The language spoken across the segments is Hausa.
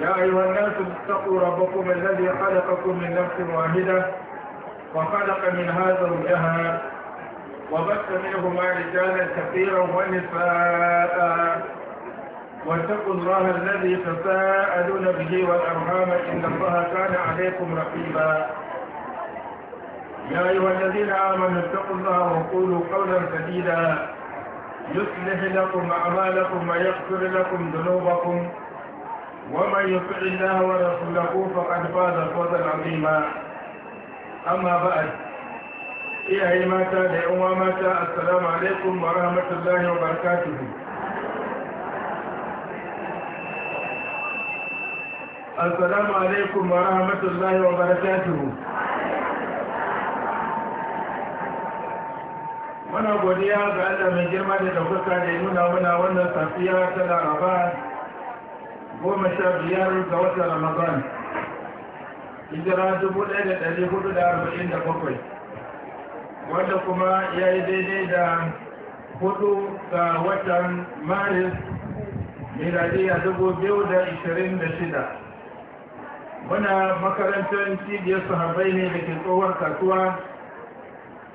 يا أيها الناس اتقوا ربكم الذي خلقكم من نفس واحدة وخلق من هذا زوجها وبث منهما رجالا كثيرا ونساء واتقوا الله الذي تساءلون به والأرحام إن الله كان عليكم رقيبا يا أيها الذين آمنوا اتقوا الله وقولوا قولا سديدا يصلح لكم أعمالكم ويغفر لكم ذنوبكم ومن يطع الله ورسوله فقد فاز فوزا عظيما أما بعد iyaye mata da yan uwa mata assalamu alaikum wa rahmatullahi wa barakatuhu assalamu alaikum wa rahmatullahi wa muna godiya ga Allah mai girma da daukaka da nuna muna wannan safiya ta Laraba goma sha biyar ga watan ramadan hijira dubu ɗaya da ɗari hudu da arba'in da bakwai wanda kuma ya yi daidai da hudu ga watan maris miladiya dubu biyu da ishirin da shida muna makarantar cibiyar sahabai ne da ke tsohon kasuwa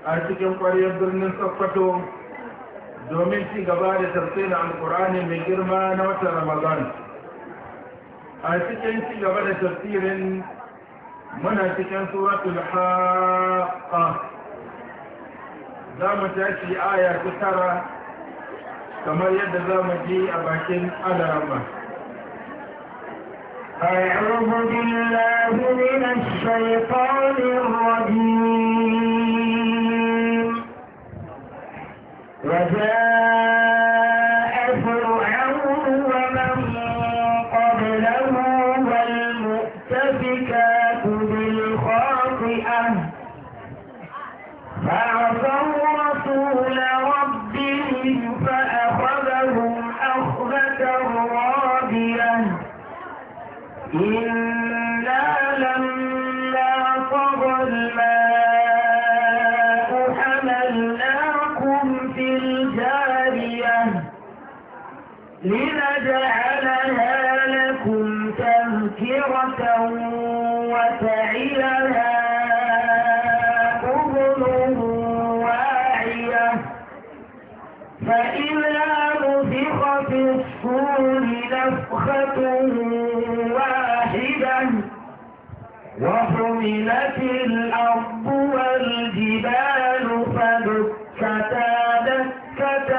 a cikin ƙwaryar birnin sokoto domin ci gaba da tafsirin alkur'ani mai girma na watan ramadan a cikin ci gaba da tafsirin muna cikin suratul haqqa za mu tashi aya ta tara kamar yadda za mu ji a bakin alarama أعوذ بالله من الشيطان الرجيم وجاء وأزلت الأرض والجبال فدكتا دكة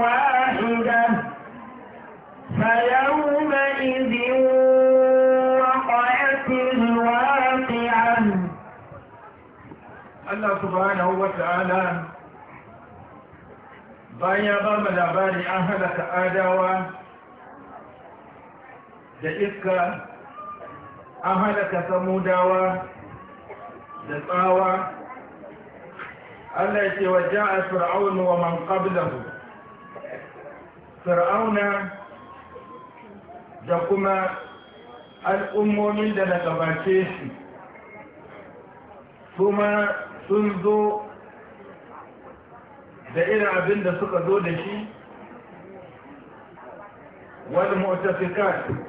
واحدة فيومئذ وقعت الواقعة الله سبحانه وتعالى bayan ba mu labari آدوا halaka an halaka samudawa da tsawa Allah ce wa a fir'aun wa man qablahu fir'auna da kuma al'ummomin da na gabace shi kuma sun zo da irin abin da suka zo da shi wal mu'tafikat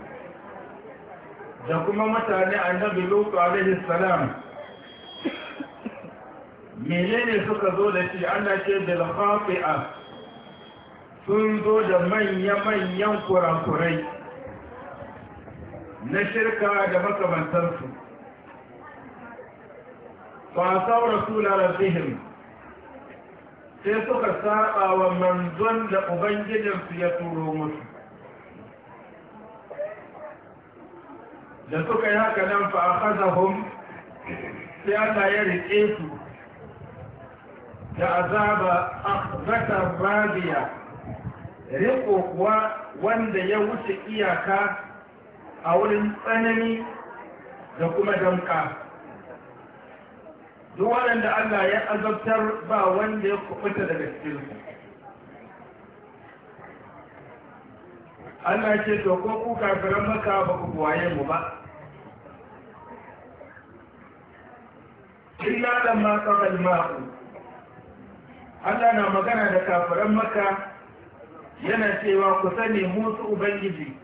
da kuma mutane annabi lutu alaihi salam menene suka zo da shi an dace bil sun zo da manya-manyan kurakurai na shirka da makamantarsu fasau rasula rabbihim sai suka saba wa manzon da ubangijinsu ya turo musu da suka yi haka nan fa akhazahum sai Allah ya rike su da azaba akhzata radiya riko kuwa wanda ya wuce iyaka a wurin tsanani da kuma damka duk waɗanda Allah ya azabtar ba wanda ya kubuta daga cikinsu Allah ce to ko ku kafiran maka ba ku waye mu ba illa lamma qara al-ma'u Allah na magana da kafiran maka yana cewa ku sani musu ubangiji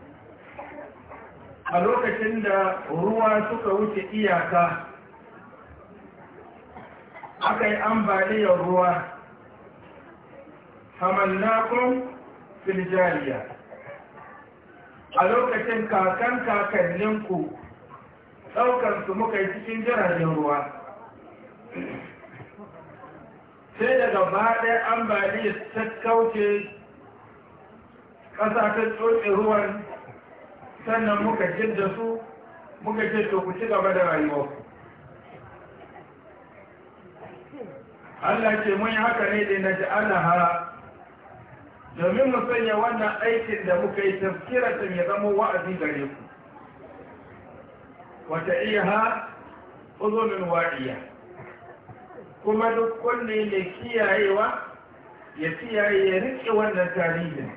a lokacin da ruwa suka wuce iyaka aka yi ambaliyar ruwa hamallakun filjariya a lokacin kakan kakanninku ɗaukansu muka yi cikin jiragen ruwa sai daga baɗe ambaliya ta kauce ƙasa ta tsotse ruwan sannan muka da su muka ce to ku ci gaba da rayuwa Allah ce mun yi haka ne da na ji Allah domin mu sanya wannan aikin da muka yi tafkirata ya zama wa'azi gare ku wata iya ha uzumin wa'iya kuma duk kunne ne kiyayewa ya kiyaye ya riƙe wannan tarihin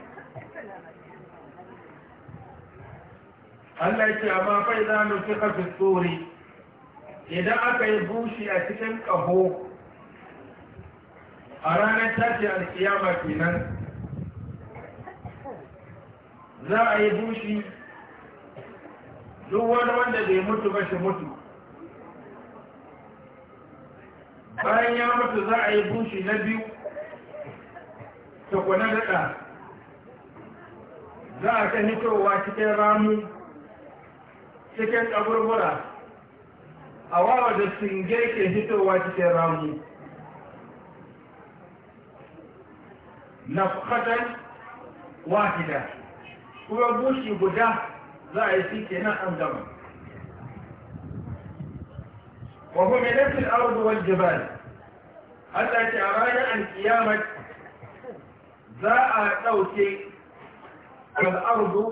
Allah ce amma fai za mu fi kafin tsori idan aka yi bushi a cikin ƙaho a ranar tashi alkiyama kenan za a yi bushi duk wani wanda bai mutu ba shi mutu bayan ya mutu za a yi bushi na biyu tukwane daɗa za a ta hitowa cikin ramu cikin ƙaburbura a wawa da singe ke hitowa cikin ramu na fukatan wahida kuma bushi guda za a yi fi ke nan an gama wa kuma nafil ardu wal jibal Allah ce a ranar kiyamar za a ɗauke arzu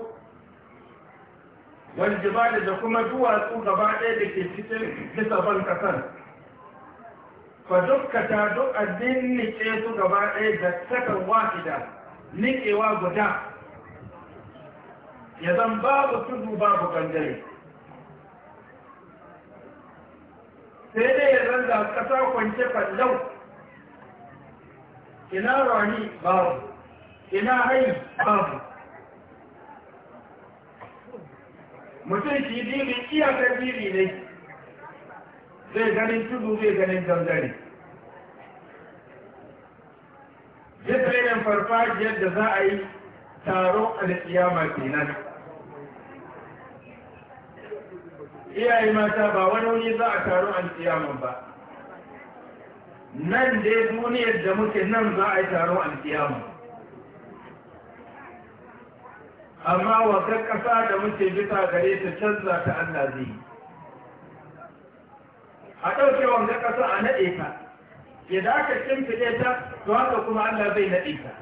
wal jibal da kuma duwatsu gaba ɗaya da ke cikin bisa ban kasar fa dukkata duk addin nike su gaba ɗaya da sakan wahida nikewa guda ya zan babu tudu babu gangare sai dai ya zan da kasa kwance fallau ina rani babu ina haini babu mutum shi dini iyakar dini ne zai ganin tudu zai ganin gangare zai farfajiyar da za a yi taron ke nan. iyaye mata ba wani wuni za a taron alkiyama ba nan dai duniyar da muke nan za a yi taron alkiyama amma wakar ƙasa da muke bisa gare ta canza ta Allah zai a ɗauke wanga ƙasa a naɗe ta ya da aka cin ta to haka kuma Allah zai naɗe ta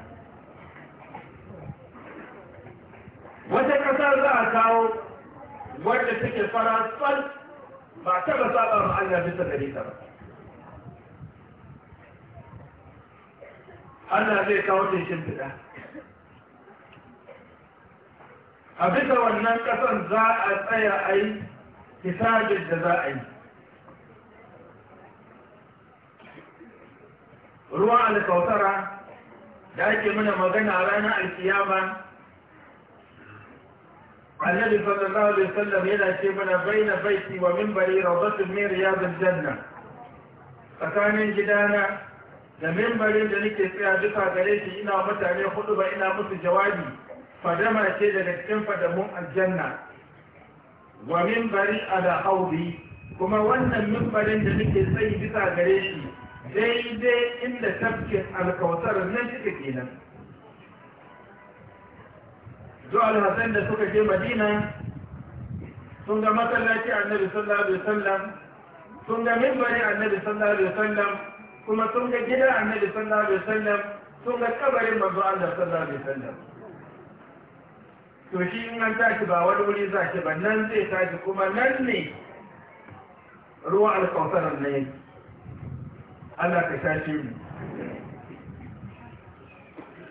wata ƙasar za a kawo wadda take fara tsal ba taɓa saba ma Allah bisa gare ta ba Allah zai kawo ta shimfiɗa a bisa wannan ƙasan za a tsaya a yi hisabin da za a yi ruwan alkautara da ake muna magana ranar alkiyama annabi sallallahu alaihi wasallam yana ce mana baina baiti wa minbari rawdatun min riyadil janna tsakanin gidana da minbarin da nake tsaya duka gare shi ina mutane hudu ba ina musu jawabi fadama ce daga cikin fadamun aljanna wa a da haudi kuma wannan mimbarin da nake tsayi bisa gare shi daidai inda tafkin alkautar nan shi kenan zuwa alhassan da suka je madina sun ga masallaci nabi sallallahu alaihi wasallam sun ga mimbari nabi sallallahu alaihi wasallam kuma sun ga gida a nabi sallallahu alaihi wasallam sun ga kabarin manzo Allah sallallahu alaihi wasallam to shi in an tashi ba wani wuri za ki ba nan zai tashi kuma nan ne ruwa al-kawthar ne Allah ka tashi mu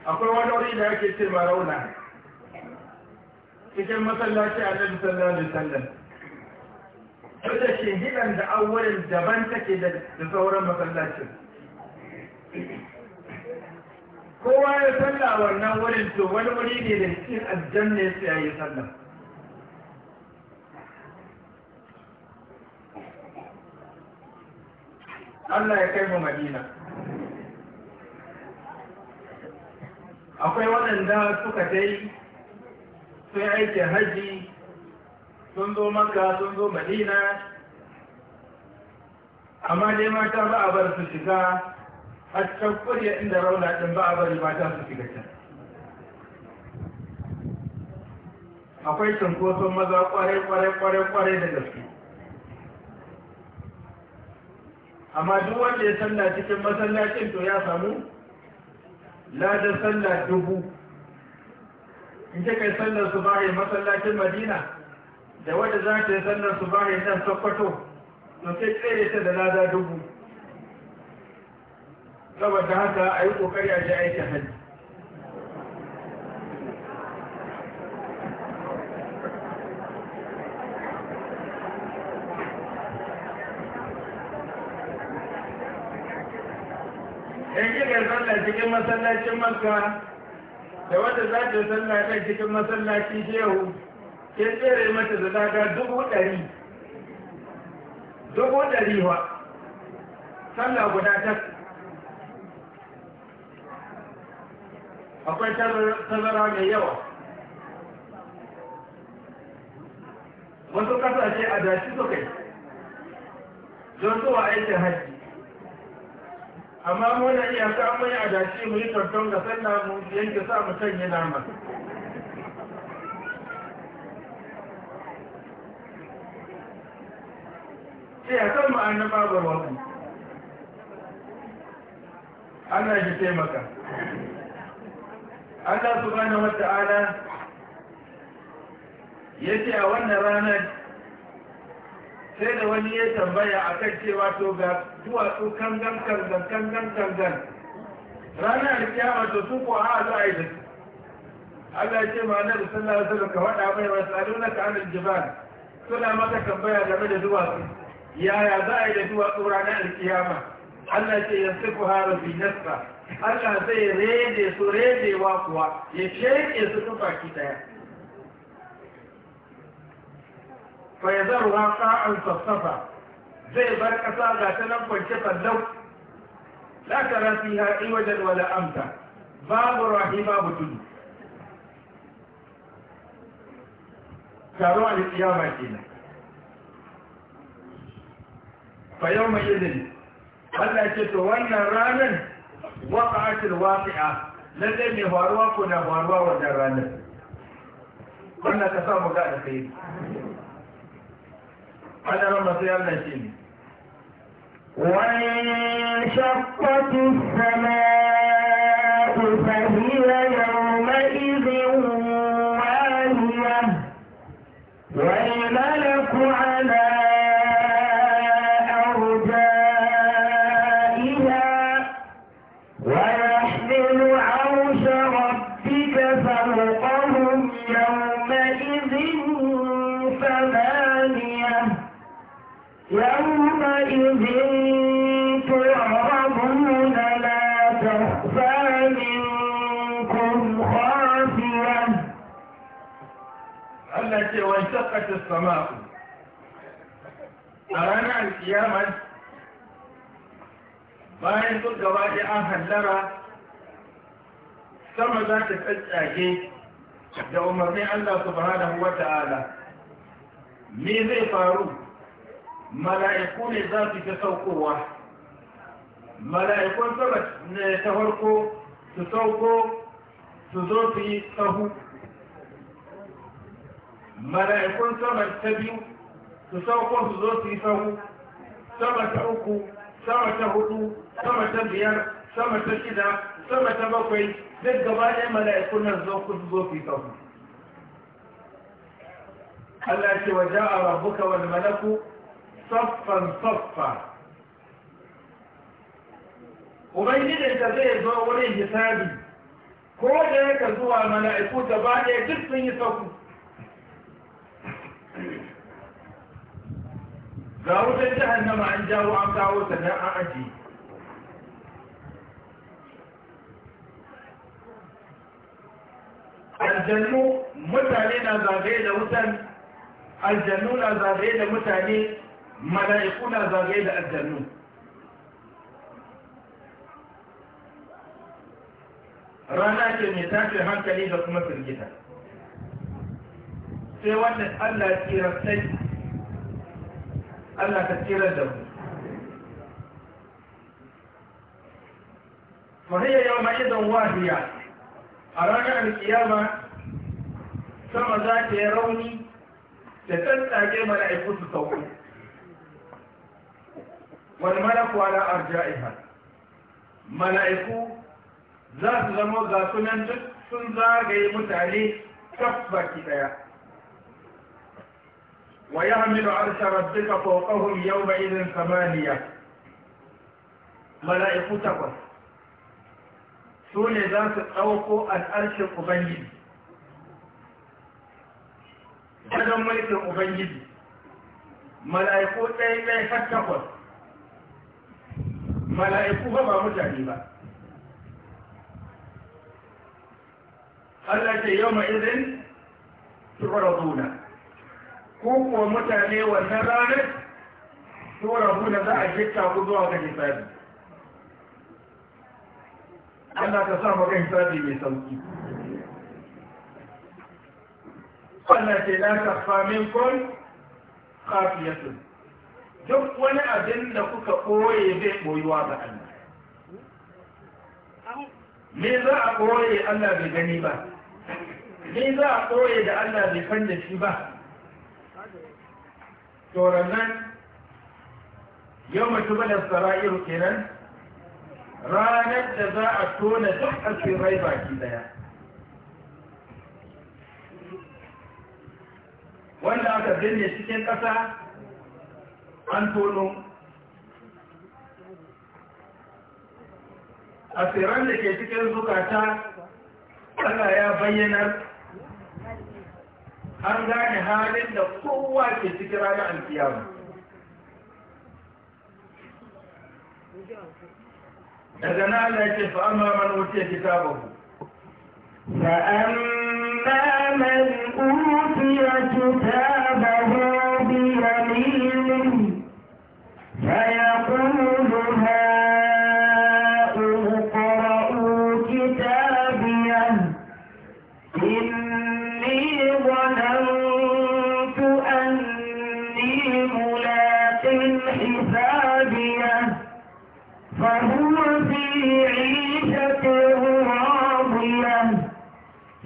akwai wani wuri da ake cewa rauna cikin masallaci a nan sallallahu da wasallam da shi gidan da awwalin daban take da sauran masallacin kowa ya salla wannan wurin to wani wuri ne da cikin aljanna ya tsaye sallah Allah ya kai mu Madina akwai waɗanda suka dai sun aiki haji sun zo maka sun zo madina amma dai mata ba a bar su shiga a cikin kuriya inda rauna ɗin ba a bari mata su shiga can akwai cunkoson maza kwarai-kwarai-kwarai da gaske amma duk wanda ya sallah cikin masallacin to ya samu ladar sallah dubu in kika kai sallar su bari masallacin madina da wadda za ta yi sallar su bari nan sokoto to ke tsere ta da lada dubu saboda haka a yi kokari a ji aikin hajji in kika sallar cikin masallacin makka da wanda za ta sallah kai cikin masallaci shehu ke tsere mata da daga dubu ɗari dubu ɗari wa sallah guda ta akwai tazara mai yawa wasu kasashe a dashi suka yi don zuwa aikin hajji amma muna iya ta amai a dace mu yi tantan da sallah mu yanke sa mu nama sai a kan ma'ana babar ji Allah ya taimaka Allah subhanahu wa ta'ala ya ce a wannan ranar sai da wani ya tambaya a kan cewa to ga duwatsu kangan gan kangan kangan ranar kiyama to su ko a za a yi da Allah ce ma annabi sallallahu alaihi wasallam ka wada mai wa salunaka anil jibar suna maka tambaya game da duwatsu yaya za a yi da duwatsu ranar kiyama? Allah ce ya ku haro bi nasta Allah zai rede su wa kuwa ya sheke su tufa ki daya فيذرها قاعا صفصفا زي بركة غاتنا فانشفا لو لا ترى فيها عوجا ولا أمتا باب راهي باب تدو تاروا للقيامة كنا فيوم إذن Allah ce to wannan ranar waƙa'atul waƙi'a lalle mai faruwa ko na faruwa wannan ranar وانشقت السماء فهي a ranar kiyamar bayan duk gaba da an hallara sama za ta tsatsage da umarnin Allah subhanahu da ta'ala me zai faru mala'iku ne za su ta saukowa mala'ikun sama ta farko su sauko su zo su yi sahu mala'ikun sama ta biyu su saukon su zo su yi sahu sama ta uku sama ta hudu sama ta biyar sama ta shida sama ta bakwai duk gaba ɗaya mala'ikun nan zo ku zo su yi sahu Allah ce wa ja'a rabbuka wal malaku saffan saffa ubangijin da zai zo wurin hisabi ko da yaka zuwa mala'iku gaba ɗaya duk sun yi sahu ga wutar jahannama an jawo an kawo ta nan an aji aljannu mutane na zagaye da wutan aljannu na zagaye da mutane mala'iku na zagaye da aljannu rana ce mai tashin hankali da kuma firgita sai wannan allah tsirasai Allah ka tsira da mu fahiyya yau ma idan wahiya a ranar alkiyama sama za ta yi rauni da mana mala'iku su sauko wani malaku ala arja'iha mala'iku za su zama ga sunan duk sun zagaye mutane kaf baki ɗaya. ويحمل عرش ربك فوقهم يومئذ ثمانية ملائكة تقص سوني ذات أوقو الأرش الأبنجد هذا ملك الأبنجد ملائكة تيمي فتقص ملائكة ما مجانبة التي يومئذ تعرضون ko kuwa mutane wannan ranar tura da za a gitta ku zuwa ga hisabi Allah ka sa maka hisabi mai sauki Allah ce la famin minkum khafiyatun duk wani abin da kuka koye zai koyuwa ga Allah me za a koye Allah bai gani ba me za a koye da Allah bai fanda shi ba to nan yau mutu da sara'iru kenan ranar da za a tona duk asirai baki daya wanda aka binne cikin ƙasa an tono a asiran da ke cikin zukata ana ya bayyanar an gane halin da kowa ke cikin daga na Allah yake fa amma man wuce kitabahu fa amma man wuce kitabahu bi yamin حسابية فهو في عيشة راضية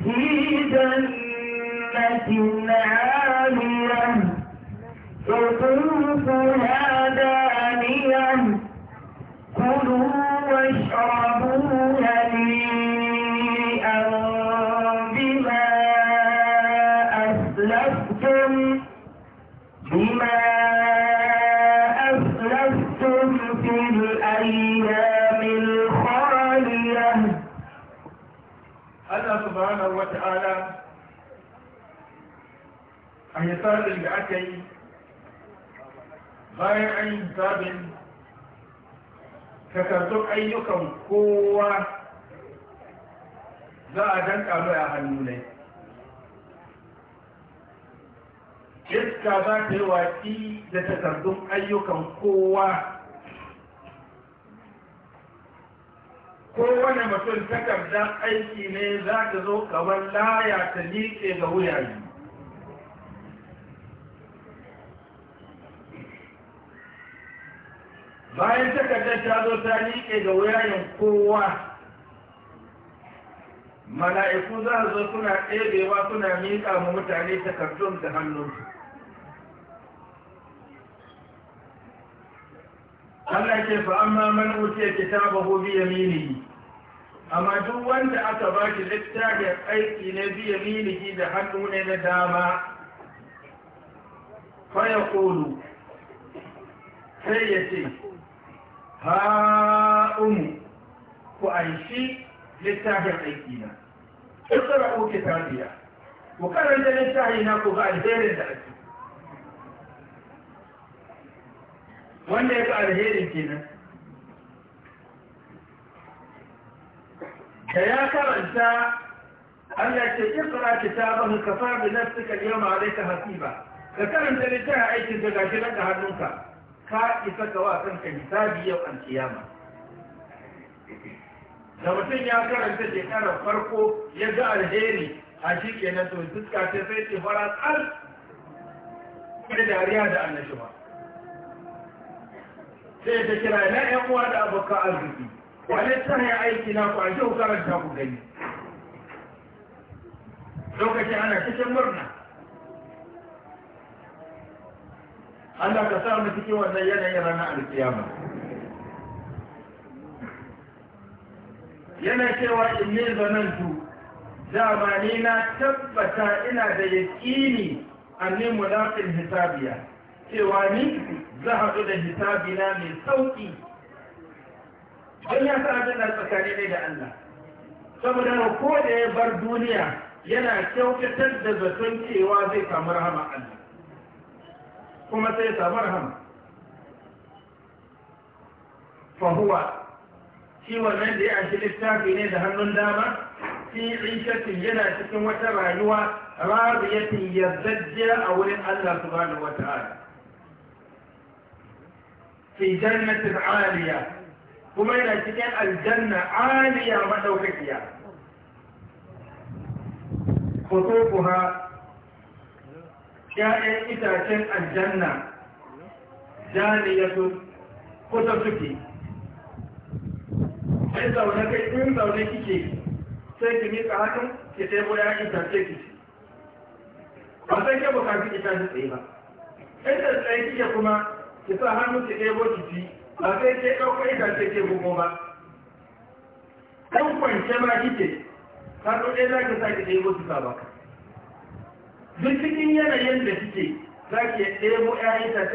في جنة عالية قطوفها دانية كلوا واشربوا ta'ala a hisabin da aka yi bayan an yi hisabin takardun ayyukan kowa za a danka mai a hannu ne iska za ta yi watsi da takardun ayyukan kowa kowane mutum takardar aiki ne za ta zo kamar laya ta liƙe ga wuyayi bayan takardar ta zo ta liƙe ga wuyayen kowa mala'iku za su zo suna ɗebewa suna miƙa mu mutane takardun da hannunsu Allah ke fa amma man utiya kitabahu bi yaminihi amma duk wanda aka ba shi littafin aiki ne bi yaminihi da hannu ne na dama fa ya sai ya ce ha umu ku aishi littafin aiki na ku tsara ku kitabiya ku karanta littafin na ku ga alherin da ake wanda ya fi alheri kenan da ya karanta an ya ce ikra kitaban ka fa bi suka al-yawma alayka hasiba ka karanta littafin aikin da gashi daga hannunka ka isa ka wa kanka hisabi yau an kiyama da mutum ya karanta shekarar farko ya ga alheri a shi kenan to duk ta sai ce fara tsar da dariya da annashuwa sai ta kira na yan uwa da abokan arziki wani tsaye aiki na ku a ji karanta ku gani lokacin ana cikin murna Allah ka sa mu cikin wannan yanayin ranar alkiyama yana cewa in ne zanen su ni na tabbata ina da yaƙini a annin mulaqin hisabiya cewa ni za haɗu da hisabina mai sauƙi don ya sa abin da tsakani ne da Allah saboda ko da ya bar duniya yana kyautatar da zaton cewa zai samu rahama Allah kuma sai samu rahama fahuwa shi wannan da ya ashi littafi ne da hannun dama shi ishatin yana cikin wata rayuwa rariyatin yardajjiya a wurin Allah subhanahu wata ala. fi jannatin aliya kuma yana cikin aljanna aliya madaukakiya kutufuha ‘ya'yan itacen aljanna janiyatun kusa suke sai zaune kai in zaune kike sai ki miƙa hakan ki sai taibo ‘ya'yan itace ki ba sai ke bukatu itace tsaye ba in da tsaye kike kuma ki sa hannu ki ɗebo kici ba sai ke ɗauka itace ke bugo ba ɗan kwance ma ka ɗauke za ki sa ka ɗebo ki ba duk yanayin da kike za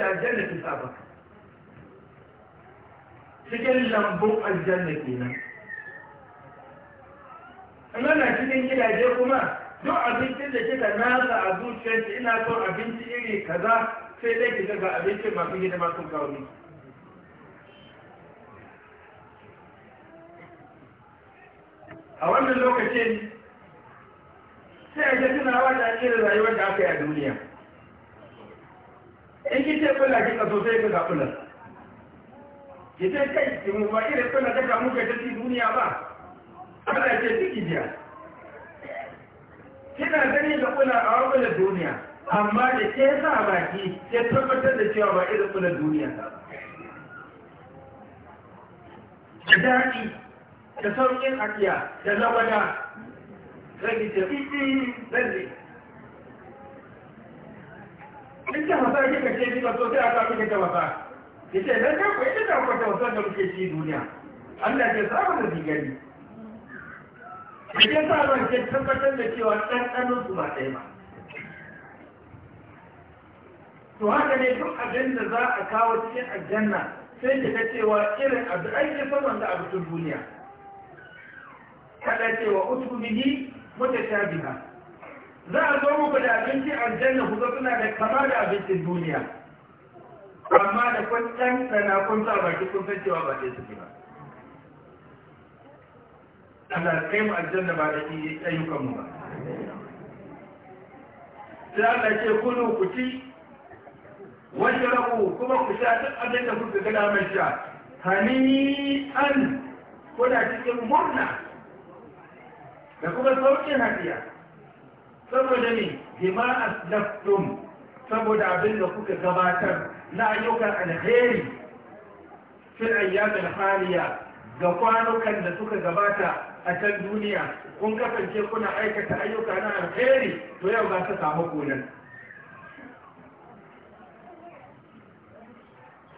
aljanna ba cikin lambun aljanna kenan amma na cikin gidaje kuma duk a sai dai ki daga abincin masu hidima sun kawo miki a wannan lokacin sai a ga tunawa da irin rayuwar da aka yi a duniya in ki ce kula ki kaso sai ga kula ki ce kai ki mu ba irin kula ta kamu ka ta duniya ba Allah ce ciki biya kina gani da kula a wakilar duniya amma da ke sa baki ya tabbatar da cewa ba irin kula duniya ba da daɗi da sauƙin akiya da lawada rage ce lalle in ta wasa kika ce ni ba sosai a sa kika ta wasa ya ce "Zan ka ku ita ta kwata wasa da muke ci duniya Allah ke samu da zigari. ke sa ban ke tabbatar da cewa ɗanɗanon su ba ɗaya ba. to haka ne duk abin da za a kawo cikin aljanna sai da ta cewa irin abu ake son wanda abu tun duniya kada cewa utu bihi mutashabiha za a zo muku da abinci aljanna ku suna da kama da abincin duniya amma da kun ɗanɗana kun sa baki kun san cewa ba sai suke ba Allah kai mu aljanna ba da mu ba sai Allah ce kulu ku ci washrabu kuma ku sha duk abin da kuka gada mai sha hani'an kuna cikin murna da kuma saukin hadiya saboda ne bima aslaftum saboda abin da kuka gabatar na ayyukan alheri fil ayyamin haliya ga kwanukan da suka gabata a can duniya kun kasance kuna aikata ayyuka na alheri to yau za ta samu gonan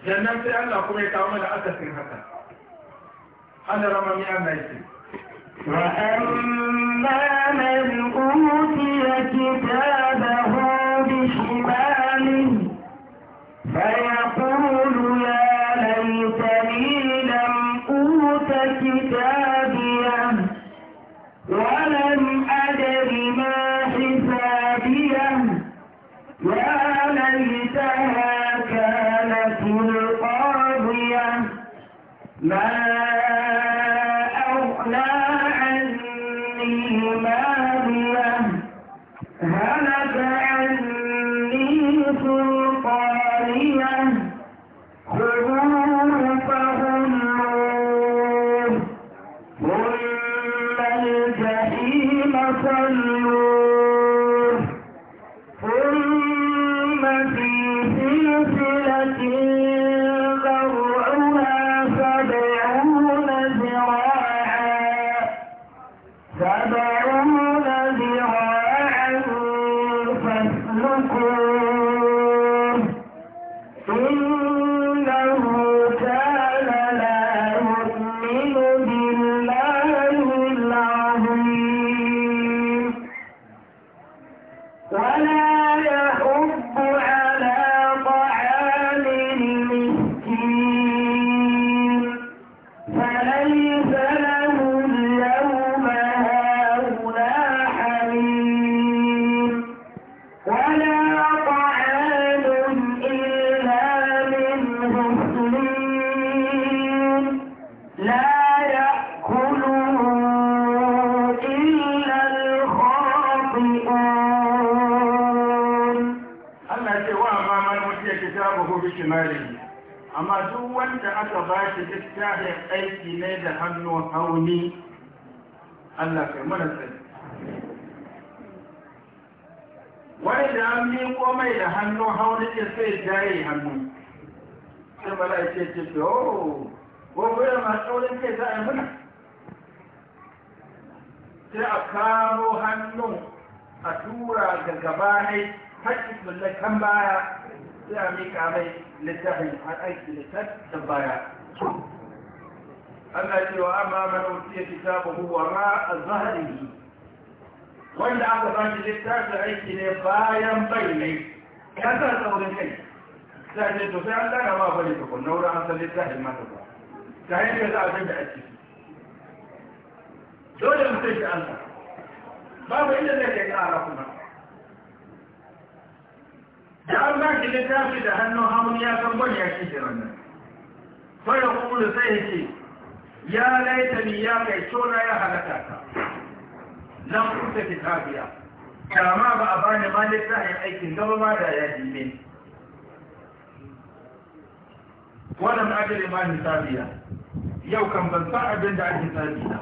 sannan sai Allah kuma ya kawo mana akasin haka ana rama mi Allah yake وأما من أوتي كتابه بشماله فيقول يا ليتني لم أوت كتابي hau hauni ke sai jaye hannu sai mala'i ce ce ce o ko da masu tsaurin kai za a yi muna sai a kamo hannun a tura ga gabanai haƙƙi tsallakan baya sai a mika mai littafin har aiki littafin baya an ce wa amma man utiya kitabahu wa ma azharihi wanda aka ba shi littafin aiki ne bayan bainai ya sa tsaurin kai za a ce to sai an tsara ma bari ka kunna wurin an salli ta ilmata ba ta hanyar za a san da ake dole mu sai shi an sa babu inda zai kai ƙara kuma da an ba ki littafi da hannun hamun ya san gwani ya shi kiran nan fara kuma sai ya ce ya laita ni ya kai tona ya halatta ka lam ta kitabiya da ba a bani ma yin aikin gaba ma da ya jime wannan ajiyar ma sabiya yau kan ban sa abin da ake tsari na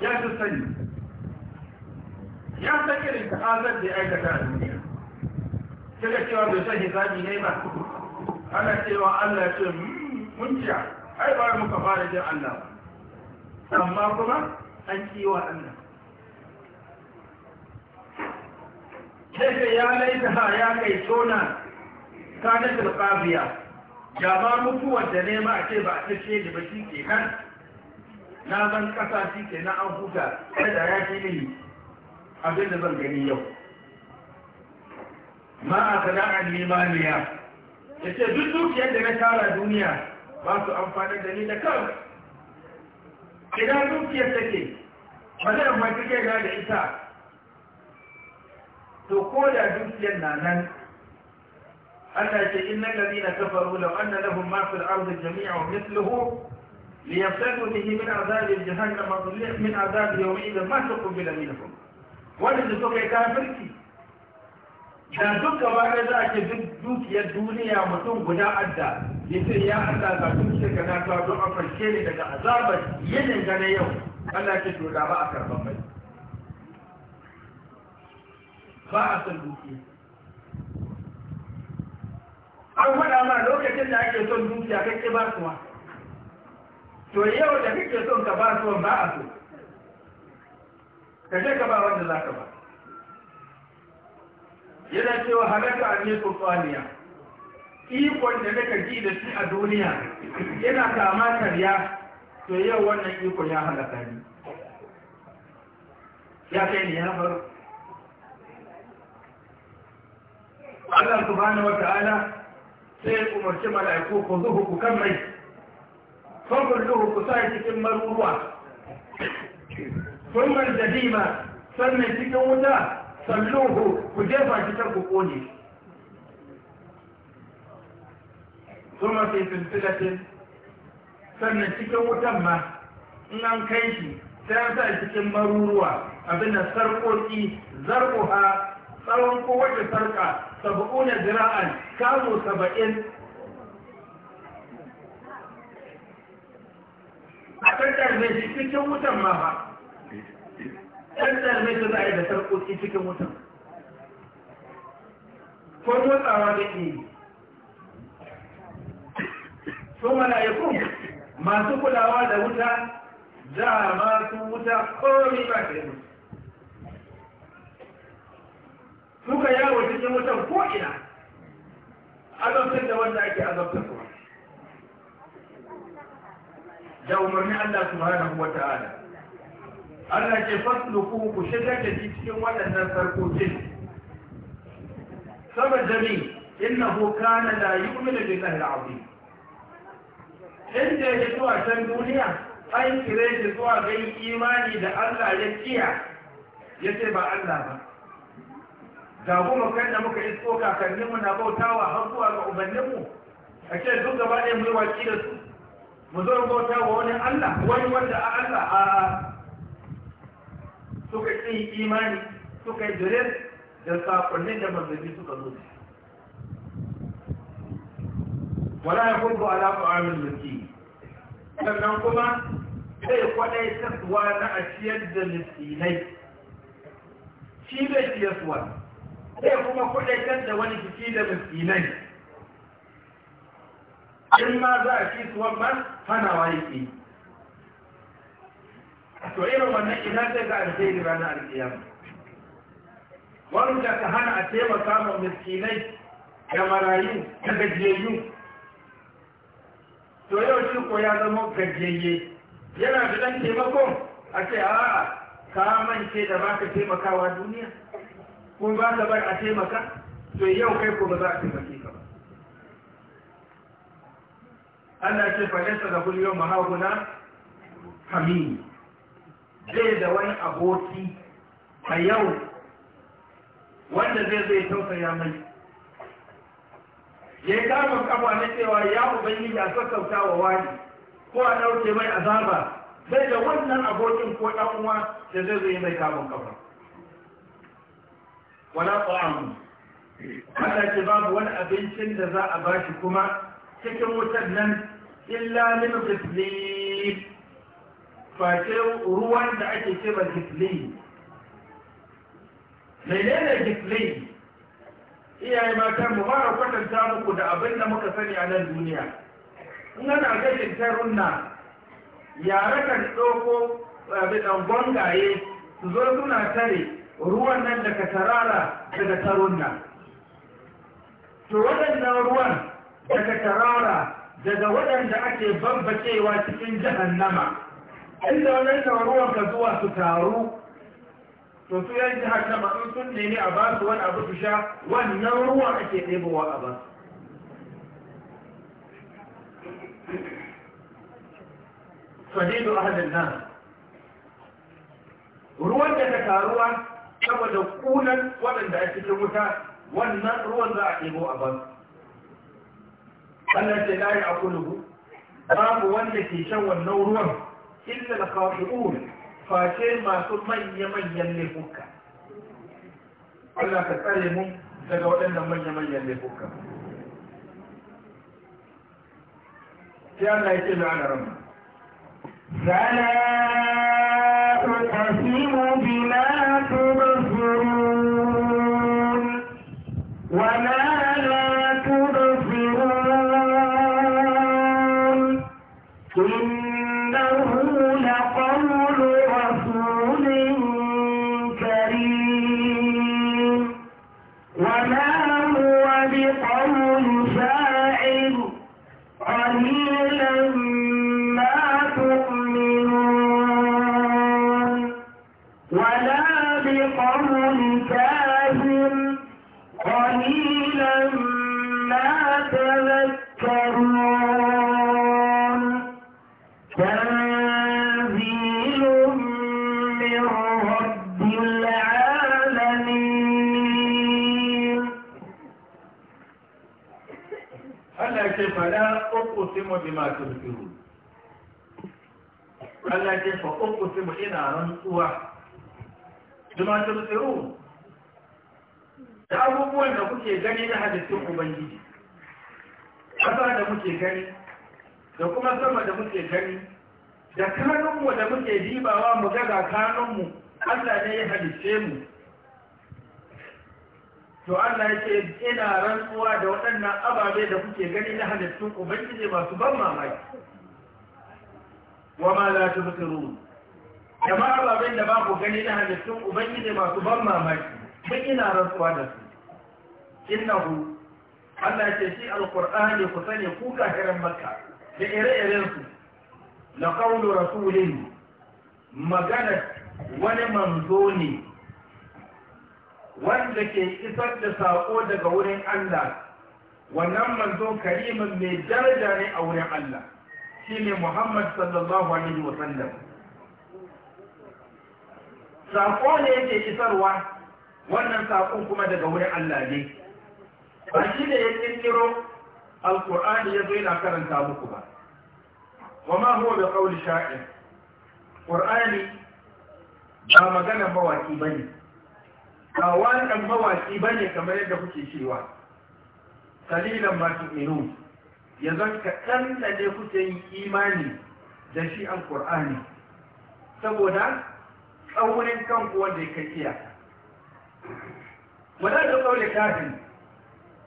ya su sani ya san irin azar da ya aikata a duniya ga cewa bai san hisabi ne ba ana cewa Allah ce hmm, mun ciya ai ba muka fara jin Allah amma kuma an ciwa Allah sai ya laita ya kai tona kanar tulkafiya da ma mutuwar da nema a ce ba a tafiye da ba shi ke nan na zan kasa shi ke na an huta sai da ya shi mini abin da zan gani yau ma a sana'ar limaniya ya ce duk dukiyar da na tara duniya ba su amfani da ni da kan idan dukiyar take ba zai amfani da ita to ko da dukiyar na nan Allah ya ce innal ladina kafaru law anna lahum ma fil ardi jami'an wa mithluhu liyabtadu bihi min azabi jahannam wa min azabi yawmin ma tuqbilu minhum wanda suka yi kafirci da duk gaba da za a ce duk dukiyar duniya mutum guda adda ya ce ya Allah ga dukiyar ka na kawo don a farshe ne daga azabar yanayin gane yau Allah ce to da ba a karban mai ba a son duki. an faɗa ma lokacin da ake son duki dukiya kake ba suwa to yau da kake son ka ba suwan ba a so ka je ka ba wanda za ka ba yana cewa halaka a ne tsaniya ikon da naka ji da shi a duniya yana kama karya to yau wannan ikon ya halaka ni ya kai ne ya faru Allah subhanahu ta’ala sai umarci mala'iku ku zuhu ku kan mai fangon zuhu ku sa cikin maruruwa sunman jadima sannan cikin wuta salluhu ku jefa cikin ku kone sunma fi silsilatin sannan cikin wutan ma in an kai shi sai an sa cikin maruruwa abinda sarƙoƙi zarƙuha tsawon kowace sarƙa saba'una zira'an kamu saba'in a kan ɗarme shi cikin wutan ma ba ɗan mai shi za a yi da sarƙoƙi cikin wutan ko motsawa da ke su mala'ikun masu kulawa da wuta za a masu wuta ko ba da yi suka yawo cikin wutan ko'ina azabtar da wanda ake kuma. da umarni Allah subhanahu wa ta'ala Allah ke kuma ku shiga da cikin waɗannan sarkokin saba jami innahu kana la yu'minu da al-azim inda ya zuwa can duniya an kire shi zuwa ga imani da Allah ya kiya yace ba Allah ba ga kuma kai da muka isko kakanninmu na bautawa har zuwa ga ubanninmu a ce duk gaba ɗaya mai waki da su mu zo bauta wa wani Allah wani wanda a Allah a suka ƙi imani suka yi jire da saƙonnin da manzanni suka zo wala ya kurbu ala ta'amil miski sannan kuma zai kwadai kasuwa na a ciyar da miskinai shi bai ciyar suwa zai kuma kudaitar da wani jiki da miskinai in ma za a fi suwan ba hana waiki to irin wannan ina zai ga alheri ranar alkiyama wanda ta hana a taimaka ma miskinai da marayu da gajiyayyu to yau shi ko ya zama gajiyayye yana da ɗan taimako a ce a ka mance da baka taimakawa duniya kun ba ka bar a taimaka to yau kai ko ba za a taimake ka ba Allah ce fa da kullum mahaguna hamim zai da wani aboki a yau wanda zai zai ya mai ya kama kafa na cewa ya ubangiji a sassauta wa wani ko a ɗauke mai azaba zai da wannan abokin ko ɗan uwa da zai zai mai kamun kafa wala ta'amu Allah ce babu wani abincin da za a bashi kuma cikin wutar nan illa lil ghislin face ruwan da ake ce ba ghislin menene ghislin iyaye mata mu fara kwatanta muku da abin da muka sani a nan duniya in ana gashin tarunna yare kan ɗauko abin gongaye su zo suna tare ruwan nan da ka tarara daga taron nan to waɗannan ruwan daga tarara daga waɗanda ake bambacewa cikin jahannama inda waɗannan ruwan ka zuwa su taru to su yan jahannama in sun nemi a basu wani abu su sha wannan ruwan ake ɗebowa a basu sadidu ahalin nan ruwan da ta taruwa saboda kunan waɗanda a cikin wuta wannan ruwan za a ɗebo a ban Allah ce layi a kulubu babu wanda ke shan wannan ruwan illa da kafi'un face masu manya-manyan laifuka Allah ka tsare mu daga waɗannan manya-manyan laifuka sai Allah ya ce la'ana ramu Allah ce fa ba ina rantsuwa kuma ta tsiru da abubuwan da kuke gani na hadisin ubangiji ƙasa da muke gani da kuma sama da muke gani da kanunmu da muke dibawa mu ga kanunmu Allah ne ya halice mu to Allah ce ina rantsuwa da waɗannan ababe da kuke gani na halittun ubangiji masu ban mamaki wa ma la tubsirun kamar ababen da ba ku gani na halittun ubangiji masu ban mamaki duk ina rantsuwa da su innahu Allah ce shi alqur'ani ku sani ku kafiran makka da ire-iren su la qawlu rasulin magana wani manzo ne wanda ke isar da sako daga wurin Allah wannan manzo karimin mai daraja ne a wurin Allah shine Muhammad sallallahu alaihi wa sallam sako ne yake isarwa wannan sakon kuma daga wurin Allah ne ba shi da ya kirkiro alqur'ani zai na karanta muku ba wama huwa bi qawli sha'ir qur'ani ba magana mawaki bane ba waƙan mawaki bane kamar yadda kuke cewa kalilan ma tu'minun ya zan kaɗan da ne kuke yin imani da shi an ƙur'ani saboda tsaurin kan wanda da kai iya wadda da tsaure kafin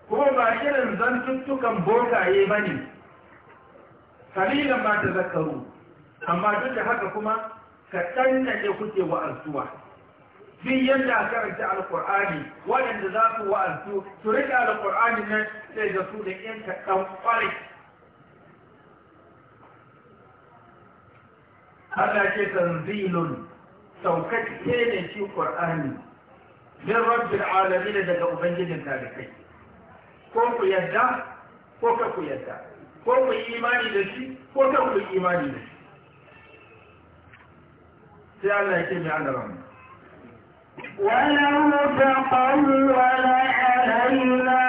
kuma ba kiran zan zantuttukan bokaye ba ne kalilan ma ta zakaru amma duk da haka kuma kaɗan da ne kuke wa'azuwa duk yadda a karanta alkur'ani waɗanda za su wa'azu su rike alkur'ani nan sai da su da yan kaɗan ƙware. Allah ce tanzilun saukakke ne shi ƙur'ani min rabbil alamin daga ubangijin talibai ko ku yadda ko ka ku yadda ko ku yi imani da shi ko ka ku yi imani da shi sai Allah ya ce mai alamin ولو تقول علينا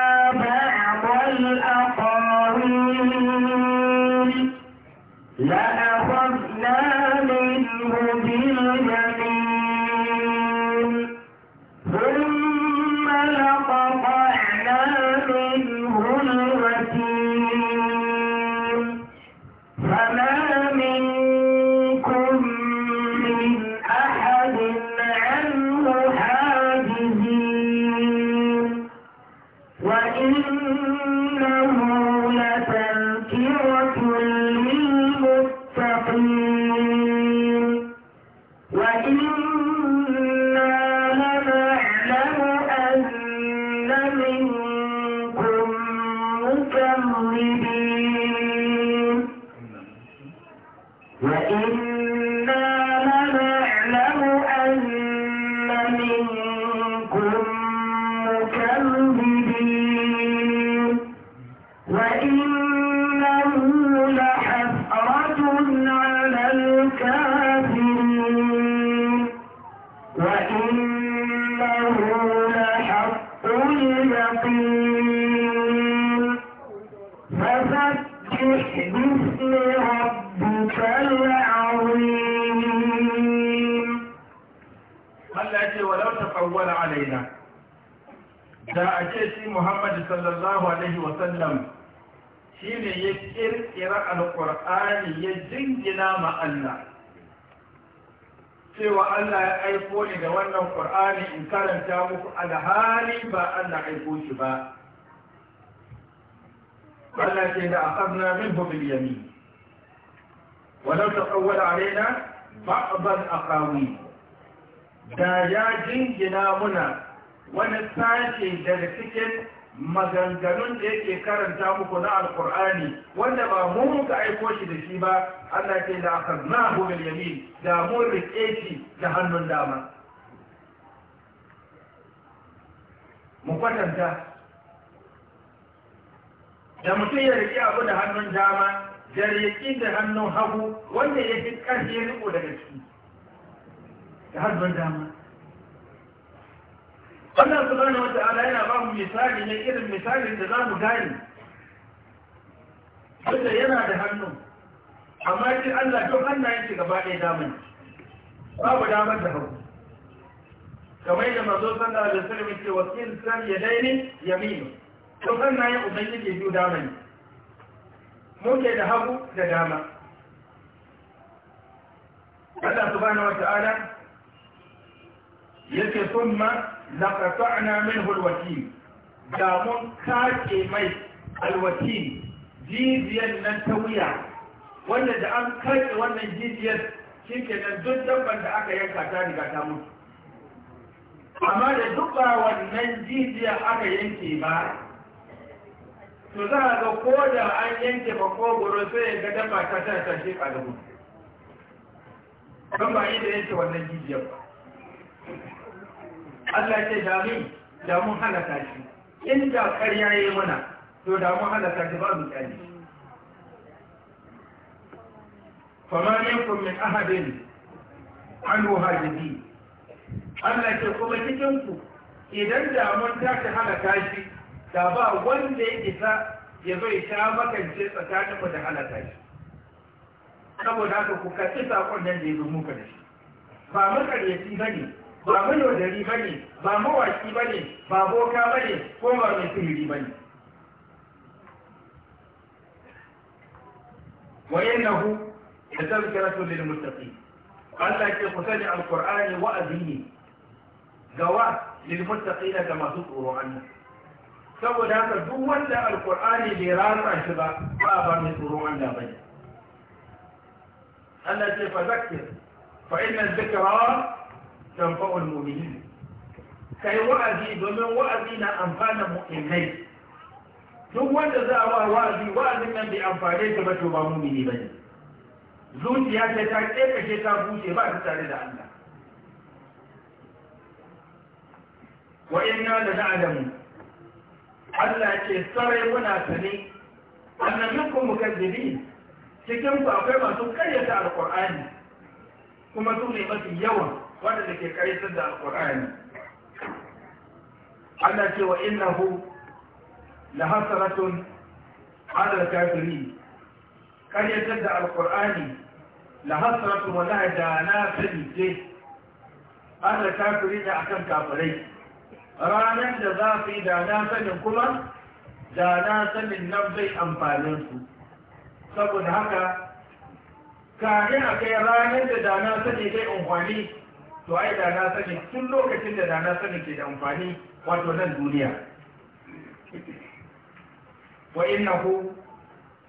alƙur'ani ya jingina ma Allah cewa Allah ya aiko ni da wannan ƙur'ani in karanta muku alhali ba Allah aiko shi ba Allah ce da akhadna minhu bil yamin wa law taqawwala alaina ba'd al aqawi da ya jingina muna wani sashe daga cikin maganganun da yake karanta muku na alkur'ani wanda ba mu muka aiko shi da shi ba Allah ce da akhadnahu bil yamin da mun rike shi da hannun dama mu kwatanta da mutum ya rike abu da hannun dama da rike da hannun hagu wanda ya fi ƙarfi riko daga ciki da hannun dama Allah subhanahu wata'ala yana ba mu misali ne irin misalin da za mu gani wanda yana da hannu amma shi Allah duk hannayen shi gaba ɗaya damar babu damar da hau kamar yadda mazo sanda da wasallam ce wakil san ya ya minu to hannayen ubangiji biyu damar ke da hagu da dama Allah subhanahu wata'ala yake ma. لقطعنا منه الوكيل da mun kake mai alwakil jijiyar nan ta wuya wanda da an kake wannan jijiyar shi ke nan duk dabban da aka yanka ta riga ta mutu amma da duk ba wannan jijiyar aka yanke ba to za a ga ko da an yanke makogoro sai ya ga dabba ta tana ta shi ƙalabu ba yi da yanke wannan jijiyar ba Allah ce dami da mun halaka shi inda ƙarya ya yi mana to da mun halaka shi ba mu kyale fama minkum min ahadin an jiki. Allah ce kuma cikinku idan da mun tashi halaka shi da ba wanda ya isa ya zai sha makance mu da halaka shi saboda haka ku karɓi saƙon nan da ya zo muka da shi ba makaryaci ba ne ba mai wadari ba ne ba mawaki ba ne ba boka ba ne ko ba mai sihiri ba ne wayan na hu da zarfi rasu da mustafi allah ke kusa da alkur'ani wa azini gawa lil na ga masu tsoron saboda haka duk wanda alkur'ani da rasa shi ba ba ba mai tsoron an da ba ne allah ce fa zakir fa inna zikrar tanfa'ul mu'minin kai wa'azi domin wa'azi na amfana mu'minai duk wanda za a wa wa'azi wa'azin nan bai amfane ta ba to ba mu'mini bane zuciya ta ta kekashe ta buce ba ta tare da Allah wa inna la Allah ce sarai muna sani annabinkum mukazzibin cikin ku akwai masu karyata alqur'ani kuma su ne mafi yawan wanda ke karisar da alkur'ani ana ce wa hu na hasaratun adar kafiri kaitar da alkur'ani na hasaratun wa dana sani ce adar kafiri da kan kafirai ranar da za su yi da na sanin kuma da na sanin nan zai amfanin su saboda haka kare a kai ranar da da na sani zai amfani to ai da na sani tun lokacin da na sani ke da amfani wato nan duniya wa innahu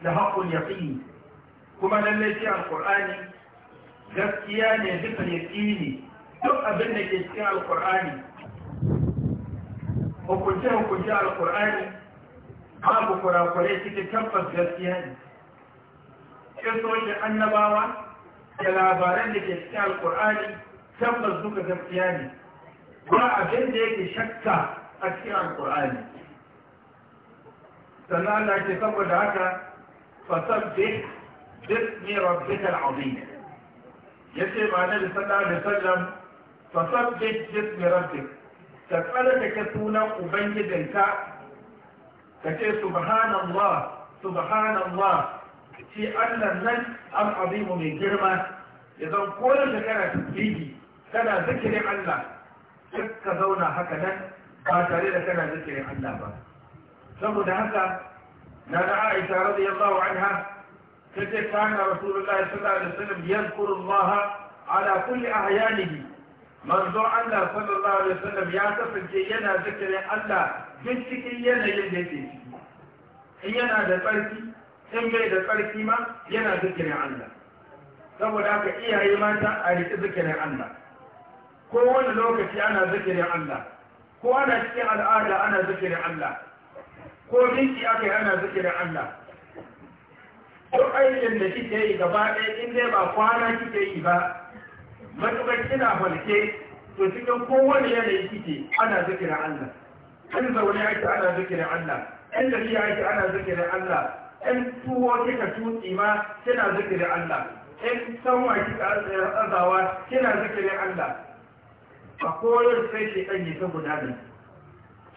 la haqqul yaqin kuma lallai shi alqur'ani gaskiya ne duka yaqini duk abin da ke cikin alqur'ani hukunce hukunce alqur'ani babu kurakurai cikin tabbas gaskiya ne kisoshin annabawa da labaran da ke cikin alqur'ani tabbas duka gaskiya ne ba abin da yake shakka a cikin alkur'ani sannan Allah ke saboda haka fasabbih bismi rabbikal azim yace ba na nabi sallallahu alaihi wasallam fasabbih bismi rabbik ka tsarkake sunan ubangijinka ka ce subhanallah subhanallah shi Allah nan al'azimu mai girma ya zan koyar da kana tasbihi kana zikirin Allah sai ka zauna haka nan ba tare da kana zikirin Allah ba saboda haka na da Aisha radiyallahu anha kace kana Rasulullahi sallallahu alaihi wasallam yadhkuru Allah ala kulli ahyanihi manzo Allah sallallahu alaihi wasallam ya kasance yana zikirin Allah duk cikin yanayin da yake in yana da tsarki in bai da tsarki ma yana zikirin Allah saboda haka iyaye mata a riƙi zikirin Allah kowane lokaci ana zikirin Allah ko ana cikin al'ada ana zikirin Allah ko dinki aka yi ana zikirin Allah Ko aikin da kike yi gaba ɗaya in dai ba kwana kike yi ba matuƙar kina falke to cikin kowane yanayi kike ana zikirin Allah in zaune ake ana zikirin Allah in tafiya ake ana zikirin Allah in tuwo kika tutsi ma kina zikirin Allah in sanwa kika azawa kina zikirin Allah a koyar sai ɗan yi ta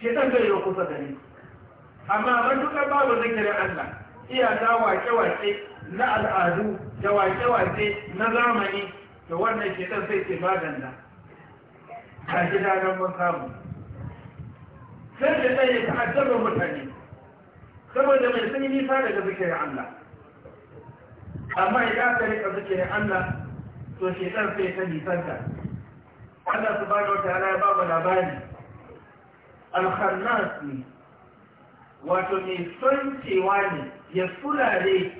shi ɗan zai yi kusa da ni amma matuƙa babu zikirin Allah iyaka wake-wake na al'adu da wake-wake na zamani da wannan ɗan sai ke badan da a gida nan mun samu sai da ɗaya ya mutane saboda mai sun yi nisa daga zikirin Allah amma idan ka rika zikirin Allah to ɗan sai ta nisanta Allah subhanahu wata ya ba mu labari al-khannas ne wato mai son cewa ne ya sulare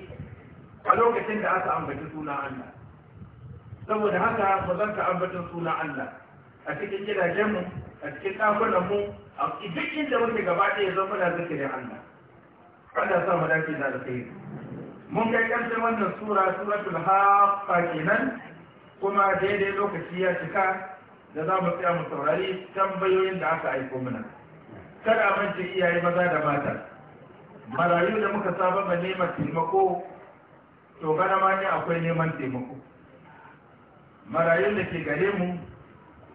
a lokacin da aka ambaci suna Allah saboda haka ba zan ka ambacin suna Allah a cikin gidajenmu a cikin ɗakunanmu a duk inda muke gaba ɗaya zan muna zikirin Allah Allah sa mu dace da alkhairi mun kai ƙarshen wannan sura suratul kenan kuma daidai lokaci ya cika da za mu tsaya mu saurari tambayoyin da aka aiko mana kada mance iyaye maza da mata marayu da muka saba ma neman taimako to bana ma ne akwai neman taimako marayun da ke gare mu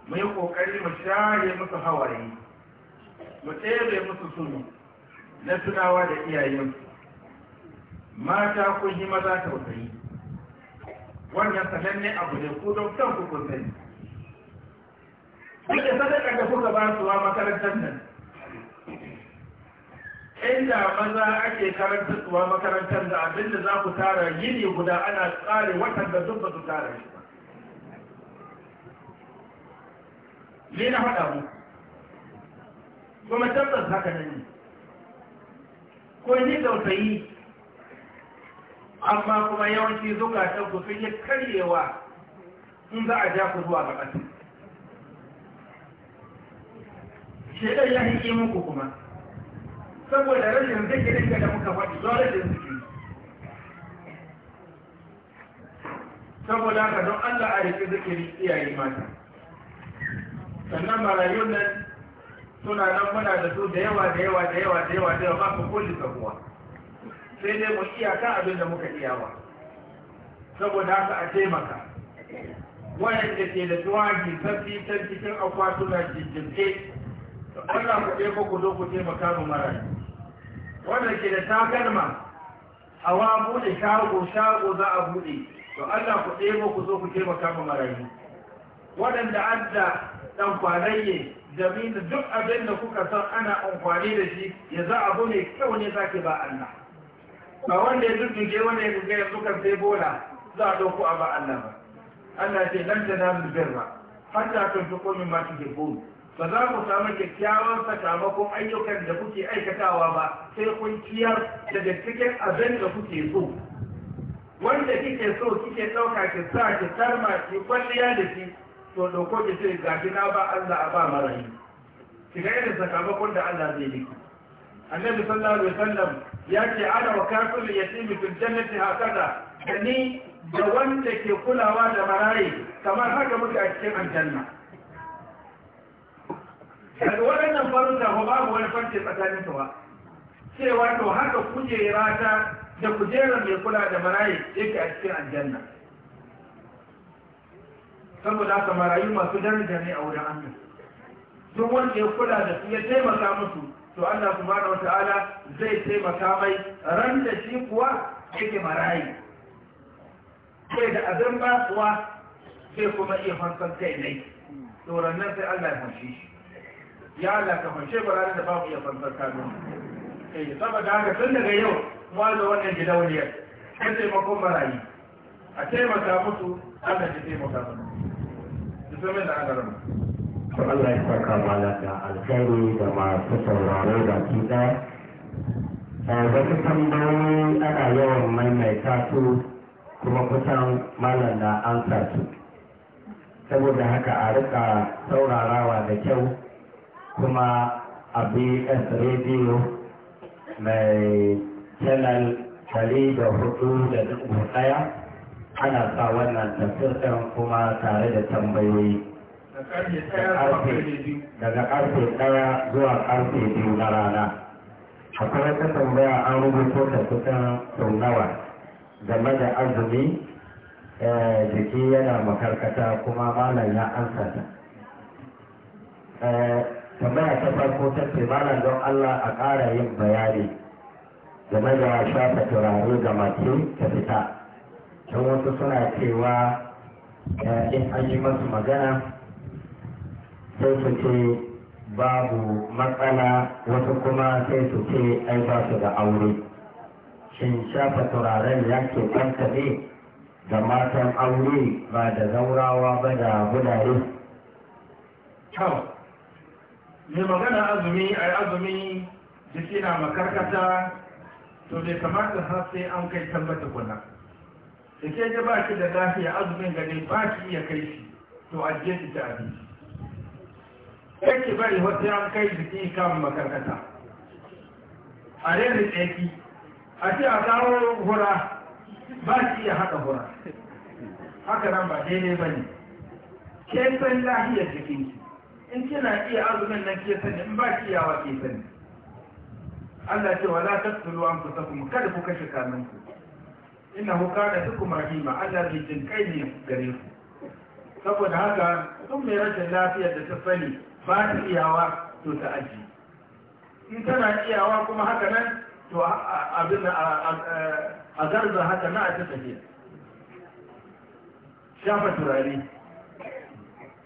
mu yi kokari mu share musu hawaye mu tsere musu sunu na tunawa da iyayensu mata kun yi maza tausayi wannan sananne abu ne ku don kanku kun sani Wanda sadaka da kuka ba su wa makarantar nan. Inda maza ake karantarwa makarantar da abinda za ku tara yini guda ana tsare watan da duk ba su tara shi ba. na faɗa mu. Kuma tabbas haka ne. Ko ni tausayi amma kuma yawanci zukatan ku sun yi karyewa in za a ja ku zuwa ga ƙasa. shaidan ya yi hanke muku kuma saboda rashin ke da muka faɗi don rashin zikiri saboda haka don Allah a zai zikiri iyaye mata sannan marayun nan suna nan muna da su da yawa da yawa da yawa da yawa da yawa ba ku kulli sabuwa sai dai mu iyaka abin da muka iyawa saboda haka a taimaka wayanda ke da tuwa jifafi ta cikin akwatuna jijjirke Allah ku je ku zo ku taimaka mu mara wanda ke da takalma hawa bude shago shago za a bude to Allah ku ɗebo ku zo ku taimaka mu mara waɗanda adda dan kwanayye jami'in duk abin da kuka san ana amfani da shi ya za abu ne kyau ne zaki ba Allah ba wanda ya dudduge wanda ya ga yanzu kan sai bola za a dauko a ba Allah ba Allah ce lan tanalu birra hatta ma mimma tuhibbu ba za ku samu kyakkyawan sakamakon ayyukan da kuke aikatawa ba sai kun ciyar daga cikin abin da kuke so wanda kike so kike ɗauka ki sa ki tarma ki kwalliya da shi to doko ki ce ga na ba Allah a ba marayi ki ga irin sakamakon da Allah zai yi annabi sallallahu alaihi wasallam ya ce ana wa kafir yatimi fil jannati hakada da ni da wanda ke kulawa da marayi kamar haka muke a cikin aljanna daga waɗannan da ba babu wani farce tsakanin ba cewa to haka kujera rata da kujerar mai kula da marayi yake a cikin aljanna saboda haka marayu masu daraja ne a wurin Allah duk wanda ya kula da su ya taimaka musu to Allah subhanahu wata'ala zai taimaka mai ran da shi kuwa yake marayi sai da abin ba kuwa sai kuma iya fansan kai ne to rannan sai Allah ya fanshi shi ya Allah ka fashe ba ranar da babu iya fansar kano eh saboda haka tun daga yau mu da wannan gidauniyar ta taimakon marayi a taimaka musu Allah ya taimaka musu zama da aka Ko to Allah ya saka mana da alkhairi da masu sauraro da ki da wasu tambayoyi ana yawan maimaita su kuma kusan malam na an su saboda haka a rika saurarawa da kyau kuma a bs radio mai channel kali da hudu da dubu daya ana sa wannan tafsirin kuma tare da tambayoyi daga karfe daya zuwa karfe biyu na rana akwai ta tambaya an rubuto ta kusan sau nawa game da azumi eh, jiki yana makarkata kuma malam ya ansa tambaya ta farko ta ce malam don Allah a ƙara yin bayani game da shafa turare ga mace ta fita don wasu suna cewa eh, in an yi masu magana sai su ce babu matsala wasu kuma sai su ce ai ba su da aure shin shafa turaren ya ke ne da matan aure ba da zaurawa ba da gudare mai magana azumi a azumi jiki na makarkata to bai kamata har sai an kai tabbata kuna da ke ga ba shi da lafiya azumin gani ba shi iya kai shi to a je shi ta abin kai ki bari wata an kai jiki kama makarkata a rere tsaki a ce a kawo hura ba shi iya haɗa hura haka nan ba daidai ba ne ke san lafiyar jikinki in kina iya azumin nan ke sani in ba yawa ke sani Allah ce wala kusa kuma kada ku kashe kanunku da su kuma rahima Allah bai jin kai ne gare ku saboda haka sun mai rashin lafiyar da ta sani ba ta iyawa to ta aji in tana iyawa kuma haka nan to abin a garza haka na a ta tafiya shafa turare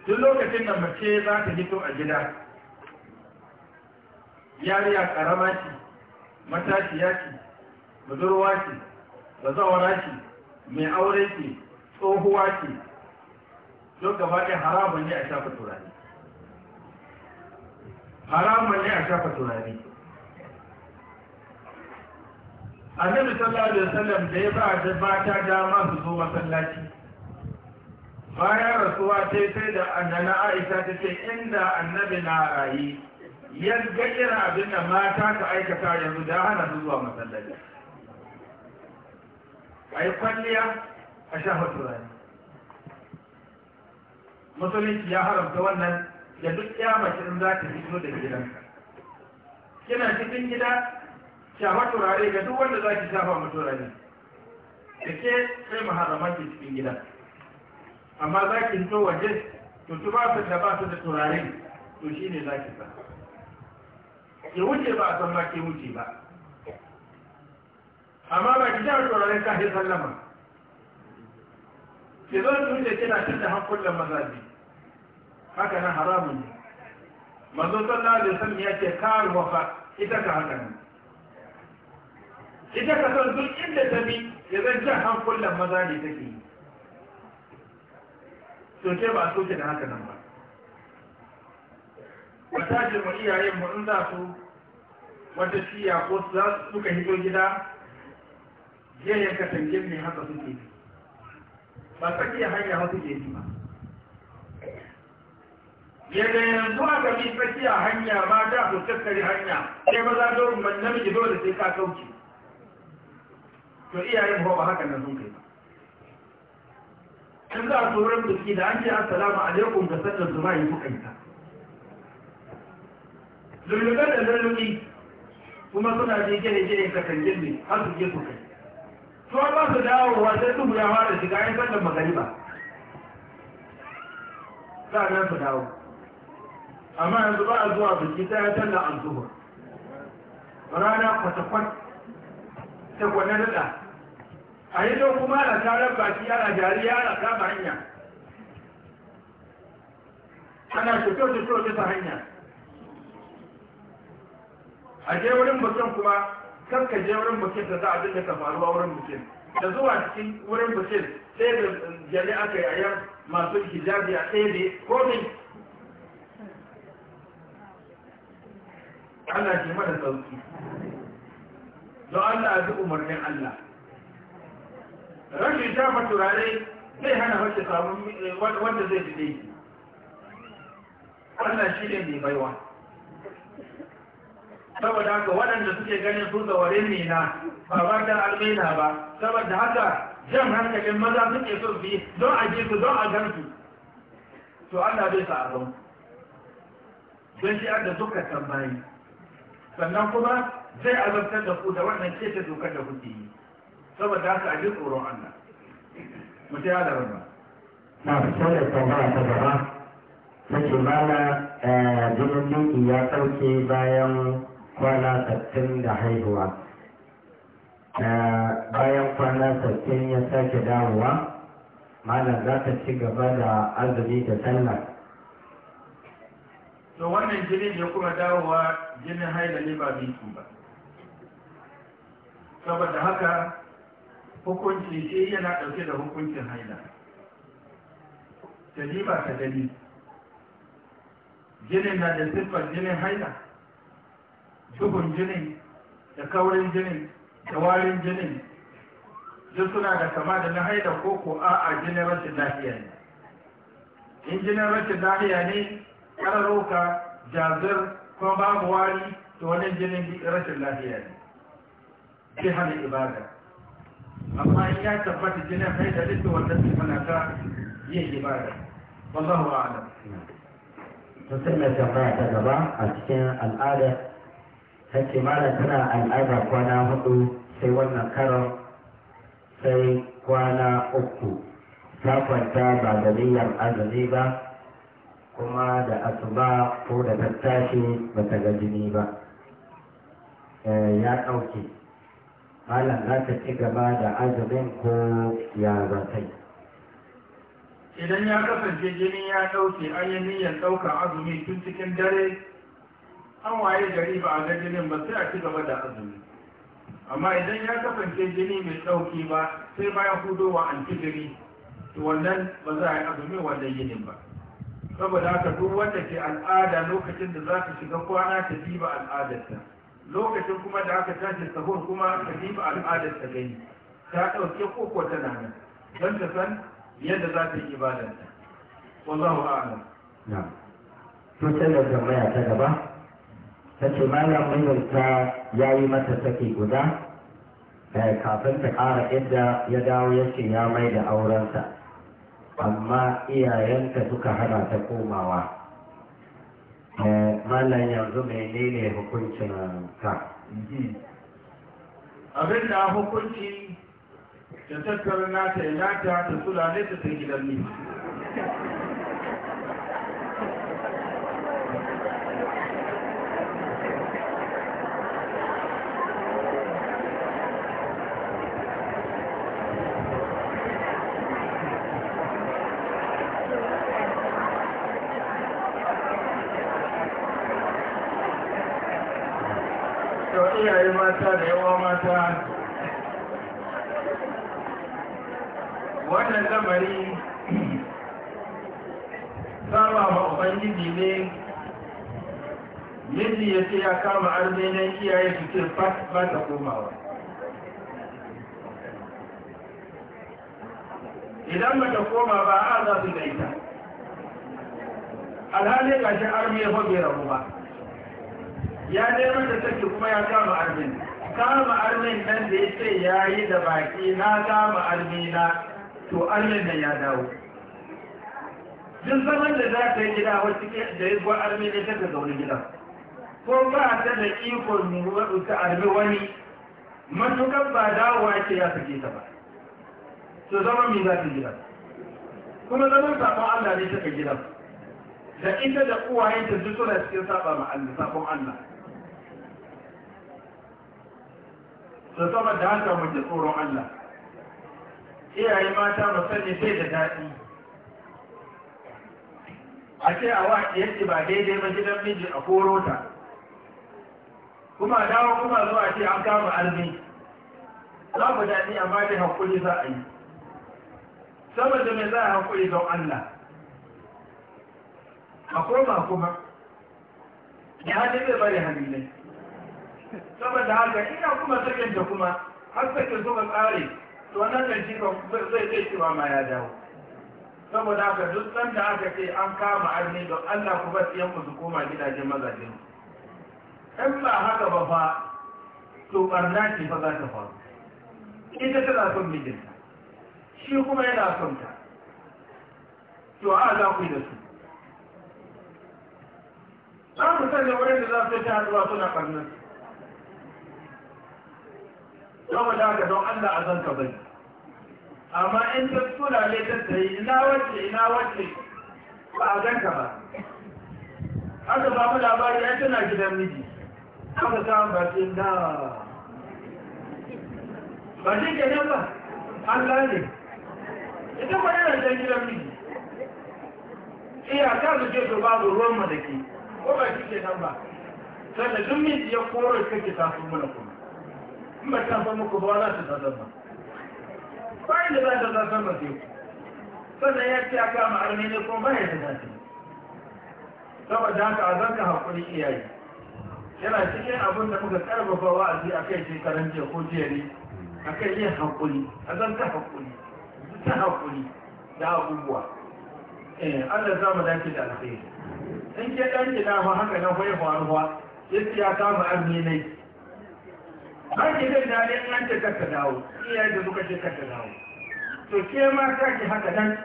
duk lokacin da mace za ta hito a gida yariya karama ce matashiya ce budurwa ce bazawara ce mai aure ce tsohuwa ce duk gaba ɗaya haramun ne a shafa turare haramun ne a shafa turare annabi sallallahu alaihi wasallam da ya ba da bata dama su zo masallaci bayan rasuwa sai sai da annana aisha ta ce inda annabi na rayi yadda irin abin da mata ka aikata yanzu da hana su zuwa masallaci a yi kwalliya a sha turare musulunci ya haramta wannan da duk ya mace in za ta fito da gidanka kina cikin gida shafa turare ga duk wanda za ki shafa mu turare da ke sai maharamanki cikin gida amma za ki fito waje to tufafin da ba su da turare to shi ne za ki sa ya wuce ba a san ma ke wuce ba amma ba ki turare turaren kahin sallama ki zo su wuce kina cin da hankulan mazaji haka nan haramun ne manzo sallallahu alaihi wasallam ya ce kar wafa ita ka haka nan ita ka san duk inda ta bi ya zan jan hankulan maza ne take yi to ce ba a ke da haka nan ba a tajin mu iyaye mu in za su wata siya ko za su suka hito gida yayin kasance ne haka suke ne ba tsakiyar hanya haka suke ne ba yadda yanzu aka bi tsakiya hanya ba da su tattari hanya sai ba za dorin mai namiji dole sai ka kauce to iyayen ba haka nan sun kai in za a tsoron duki da an ce assalamu alaikum da sallar zuma yi kuka yi ta lulluɓe da lulluɓi kuma suna je gene gene kan ne har su je su kai ba su dawowa sai dubu ya fara shiga ya sallar magariba na su dawo amma yanzu ba a zuwa biki ta ya sallar alzuhur rana kwata-kwata ta gwanar da a yi don kuma ana tarar baki ana jariya na kama hanya ana shekau-shekau bisa hanya a je wurin bukin kuma kan ka je wurin bukin da za a dinga ka faruwa wurin bukin, da zuwa cikin wurin bukin, sai da jari aka yi ayar masu hijabi a tsaye da komi ana ji mana sauki don Allah a bi umarnin Allah rashin shafa turare zai hana wacce samun eh, wanda zai fide wannan shi ne mai baiwa saboda haka waɗanda suke ganin su tsaware ne na ba ba ta almina ba saboda haka jan hankalin maza suke so fi don a ji su don a gan su to Allah bai sa a don shi da suka tambayi sannan kuma zai azabtar da ku da wannan keta dokar da kuke yi saboda haka a ji tsoron Allah mu ta da rabba na sai tambaya ta gaba take mana eh, jinin miki ya sauke bayan kwana sattin da haihuwa eh, bayan kwana sattin ya sake dawowa malam za ta ci gaba da azumi da sallah to wannan jinin ya kuma dawowa jinin haila ne ba biki ba saboda haka hukunci shi eh, yana ɗauke da hukuncin haida ta ba ta gani jinin na da siffar jinin haida duhun jinin da kaurin jinin da warin jinin duk suna da kama da na haida ko ko a jinin rashin lafiya ne in jinin rashin lafiya ne ƙararruka jazir kuma babu wari to wani jinin rashin lafiya ne ke hana ibada amma in ya tabbata jinin da duk wanda su fana ka yin ibada wallahu a'lam to sai mai tambaya ta gaba a cikin al'ada take malam tana al'ada kwana hudu sai wannan karon sai kwana uku ta kwanta ba da niyyar azumi ba kuma da asuba ko da tattashi ba ta ga jini ba eh, ya ɗauke malam za ka ci gaba da azumin ko ya za idan ya kasance jini ya ɗauke an yi niyyar ɗauka azumi tun cikin dare an waye gari ba a ga jinin ba sai a ci gaba da azumi amma idan ya kasance jini mai ɗauki ba sai bayan hudowa an gari, to wannan ba za a yi azumi wannan yinin ba saboda haka duk wanda ke al'ada lokacin da za ka shiga kwana ta ba al'adarta lokacin kuma da aka tashi sahur kuma Katifa diba al'adar ta gani ta ɗauke koko ta nan don ta san yadda za ta yi ibadar ta wallahu a'lam na to sai da tambaya ta gaba ta malam mijinta ya yi mata saki guda eh, kafin ta ƙara inda ya dawo yake ya mai da aurensa amma iyayenta suka hana ta komawa Eh, malam yanzu menene hukuncin ka mhm. abin da hukunci ta tattara nata ya nata ta sulale ta ta gidan ne kiyaye su ba ta komawa idan ba ta koma ba a za su daita ita alhali shi armi ya fabe rabu ba ya nema da take kuma ya kama armin kama armin nan da ya ce ya yi da baki na kama armina to armin nan ya dawo duk zaman da za ta yi gida wacce da ya zuwa armin ya ta zaune gidan ko ba ta da ikon ta arbi wani matukar ba dawowa ce ya sake ta ba to zama mai za su gida kuma zama sabon Allah ne ta gida da ita da ta duk suna cikin saba ma Allah Su Allah da haka muke tsoron Allah iyaye mata ba sai da daɗi a ce a wa yadda ba daidai ba gidan miji a korota kuma dawo kuma zuwa ce an kama arziki. za ku daɗi a dai haƙuri za a yi saboda mai za a haƙuri don Allah a koma kuma ya hannun zai bari hannunai saboda haka ina kuma sakin da kuma har sakin zuwa tsari, to wannan kan shi zai zai cewa ma ya dawo saboda haka duk sanda aka ce an kama arni don Allah ku ba siyan ku su koma gidajen mazajen ku in ba haka ba fa to barna ce ba za ta faru ita tana son mijinta shi kuma yana son ta to a za ku yi da su za ku sanya wurin da za su ta haduwa suna barnan ba da haka don Allah a zanka bari amma in ta tura ne ta tsaye ina wacce ina wacce ba a zanka ba haka ba mu labari ya tana gidan miji aka samu bakin da ba shi ke nan ba Allah ne ita ba yana can gidan miji iya ta su ce su babu ruwan ma ko ba shi ke nan ba sannan duk miji ya koro kake tafi mana kuma in ba ta san muku ba za su ta zama bayan da za ta san sama sai sannan ya ce aka ma'armi ne kuma bayan da za ta saboda haka a zanka haƙuri iyaye yana cikin abin da muka karfafa wa'azi a kai shekaran jiya ko jiya ne a kai yin haƙuri a zan ta haƙuri ta haƙuri da abubuwa eh Allah za mu dace da alheri in ke dan gida ma haka nan fa ya faru fa yace ya kama arni ne ba ki da dare an ta ka dawo iyaye da muka ce ka dawo to ke ma ka ki haka nan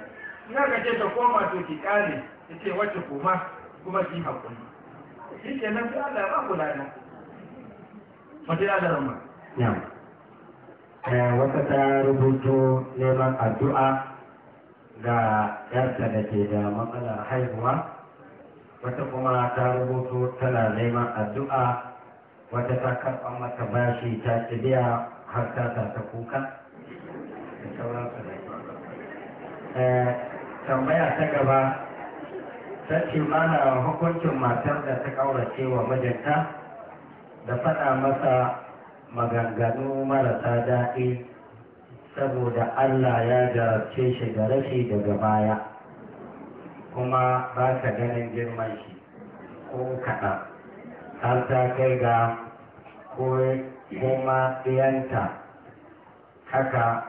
na ka ce ta koma to ki kare yace wacce koma kuma ki haƙuri shi ke nan sai Allah ya ba ku lada mace ya da rama eh, wata ta rubuto neman addu'a ga yarta da ke da matsalar haihuwa wata kuma ta rubuto tana neman addu'a wata ta karɓar mata bashi ta biya har ta ta kuka da sauransu da eh, tambaya ta gaba sarki ce hukuncin matar da ta ƙaurace wa mijinta da faɗa masa maganganu marasa daɗi saboda Allah ya jarabce shi da rashi daga baya kuma ba ka ganin girman shi ko kaɗan har ta kai ga kuma ɗiyanta haka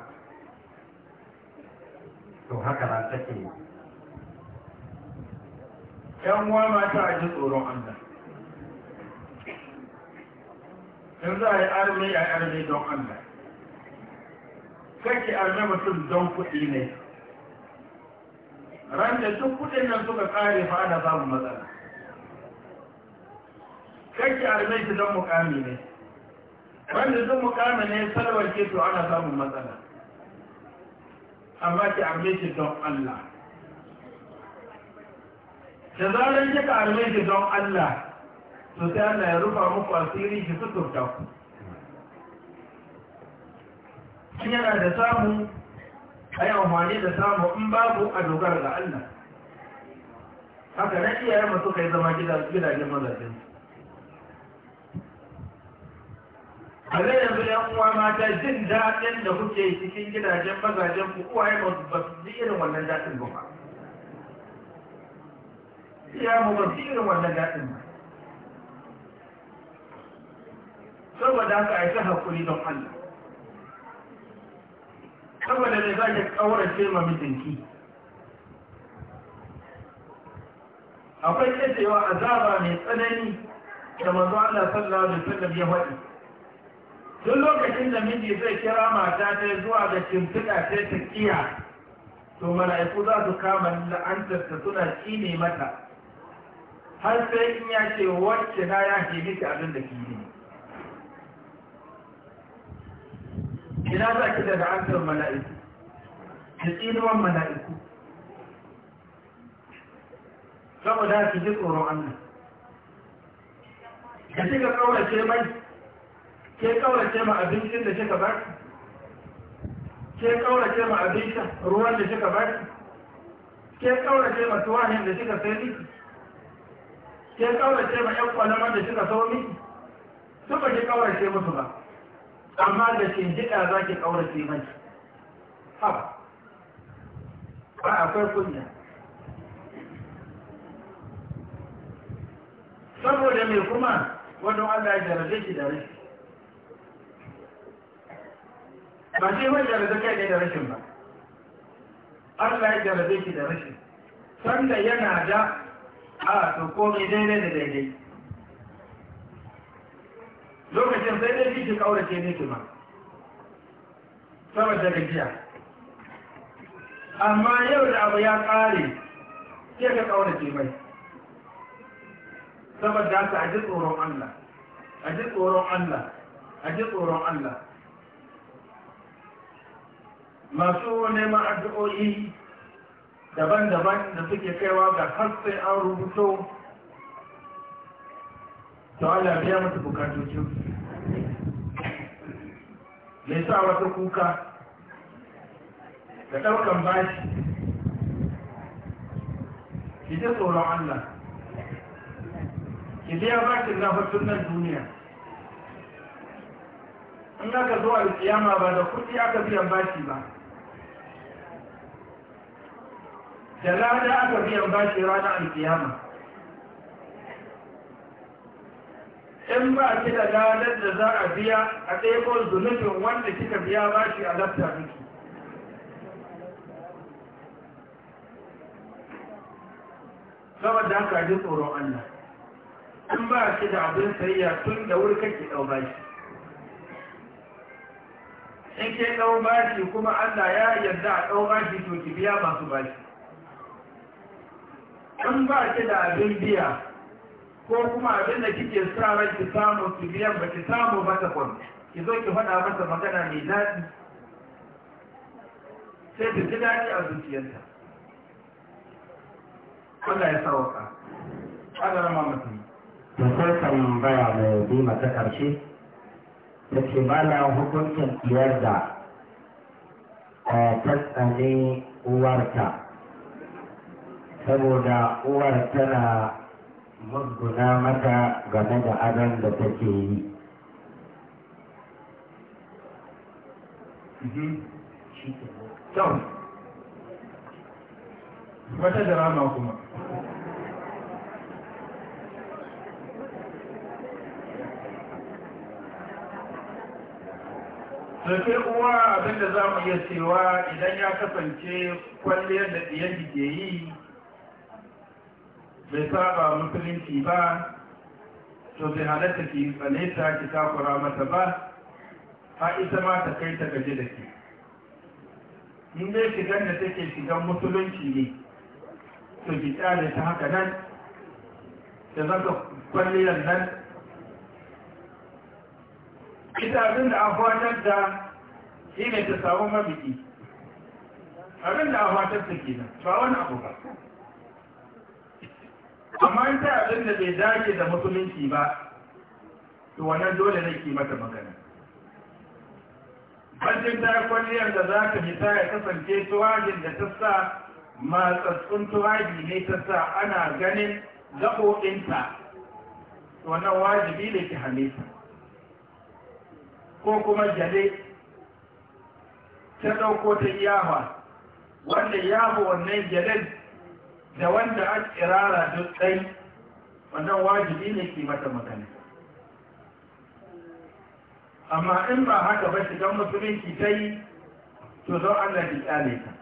to haka nan take yan uwa mata a ji tsoron Allah in za a yi arme a yi arme don Allah kake arme mutum don kuɗi ne ran da duk kuɗin nan suka kare fa ana samun matsala kake arme shi don mukami ne ran da duk mukami ne salwar ke to ana samun matsala amma ki arme shi don Allah da zarar ya karmai ki don Allah to sai Allah ya rufa muku asiri ki suturta ku shi yana da samu a yi amfani da samu in babu a dogara ga Allah haka na iyayen masu kai zama gidajen mazajen a zai yanzu yan uwa mata jin daɗin da kuke cikin gidajen mazajen ku kuwa ba su ji irin wannan daɗin ba ya mugun firin wannan daɗin ba saboda haka a yi ta haƙuri don Allah saboda ne za ki ƙaurace ma mijinki akwai kacewa azaba mai tsanani da manzo Allah sallallahu alaihi wasallam ya faɗi duk lokacin da miji zai kira mata ta zuwa ga cimtuka ta takiya to mala'iku za su kama la'antar ta suna kine mata har sai in ya ce wacce na ya ke miki abin da kiri ina za ki daga ra'antar mala'iku da tsinuwan mala'iku saboda ki ji tsoron Ka da kika kawace mai ke kawace ma abincin da kika baki ke kawace ma abincin ruwan da kika baki ke kawace ma tuwahin da kika sai niki ke kaurace ma ƴan kwalama da suka sau miki su ba ki kaurace musu ba amma da shindiɗa za ki kaurace mai ha ba akwai kunya saboda mai kuma wadda Allah ya jarabe ki da rashi ba shi wani jarabe kai ne da rashin ba Allah ya jarabe ki da rashin sanda yana da a to komai daidai da daidai lokacin sai dai shi ke kaurace miki ma saboda gajiya amma yau da abu ya ƙare Ke ka kaurace mai Sama haka a ji tsoron Allah a ji tsoron Allah a ji tsoron Allah masu neman addu'o'i daban-daban da suke kaiwa ga har an rubuto to Allah biya musu bukatocin me sa wata kuka da ɗaukan bashi ki ji tsoron Allah ki biya bashin lafatun nan duniya in aka zo alkiyama ba da kuɗi aka biyan bashi ba da rana aka biyan bashi ranar alkiyama in ba ki da ranar da za a biya a ɗaiko zunubin wanda kika biya bashi a lafta miki saboda haka ji tsoron Allah in ba ki da abin sayayya tun da wuri kake ɗau bashi in ke ɗau bashi kuma Allah ya yarda a ɗau bashi to ki biya masu bashi in ba ki da abin biya ko kuma abin da kike sa ran ki samu ki biyan ba ki samu ba ta kwan ki zo ki faɗa masa magana mai daɗi sai ta ji daɗi a zuciyarta Allah ya sauka Allah rama mutum da sai tambaya mai bi mata ƙarshe ta ce ba na hukuncin iyar da eh, ta tsane uwarta saboda uwar tana mazguna mata game da abin da take yi mhm. wata sauke uwa abinda za mu iya cewa idan ya kasance kwalliyar da ɗiyan ke yi bai saba musulunci ba to bai halatta ki tsane ta ki takura mata ba a ita ma ta kai ta gaji da ke in dai shigan da take gan musulunci ne to ki tsare ta haka nan da ka kwalliyar nan ita abin da an fatar da shi ne ta samu mabiki abin da an fatar ta kenan ba wani abu ba amma in ta abin da bai dace da musulunci ba to wannan dole ne ki mata magana bacin ta kwalliyar da za ka ta ya kasance tuwajin da ta sa matsatsun tuwaji ne ta sa ana ganin gaɓoɓinta wannan wajibi ne ki hane ko kuma jale ta ɗauko ta iyawa wanda yawo wannan jalen da wanda a kirara duk ɗai wannan wajibi ne ke mata magana amma in ba haka ba shigan musulunci ta yi to don allah ki kyale ta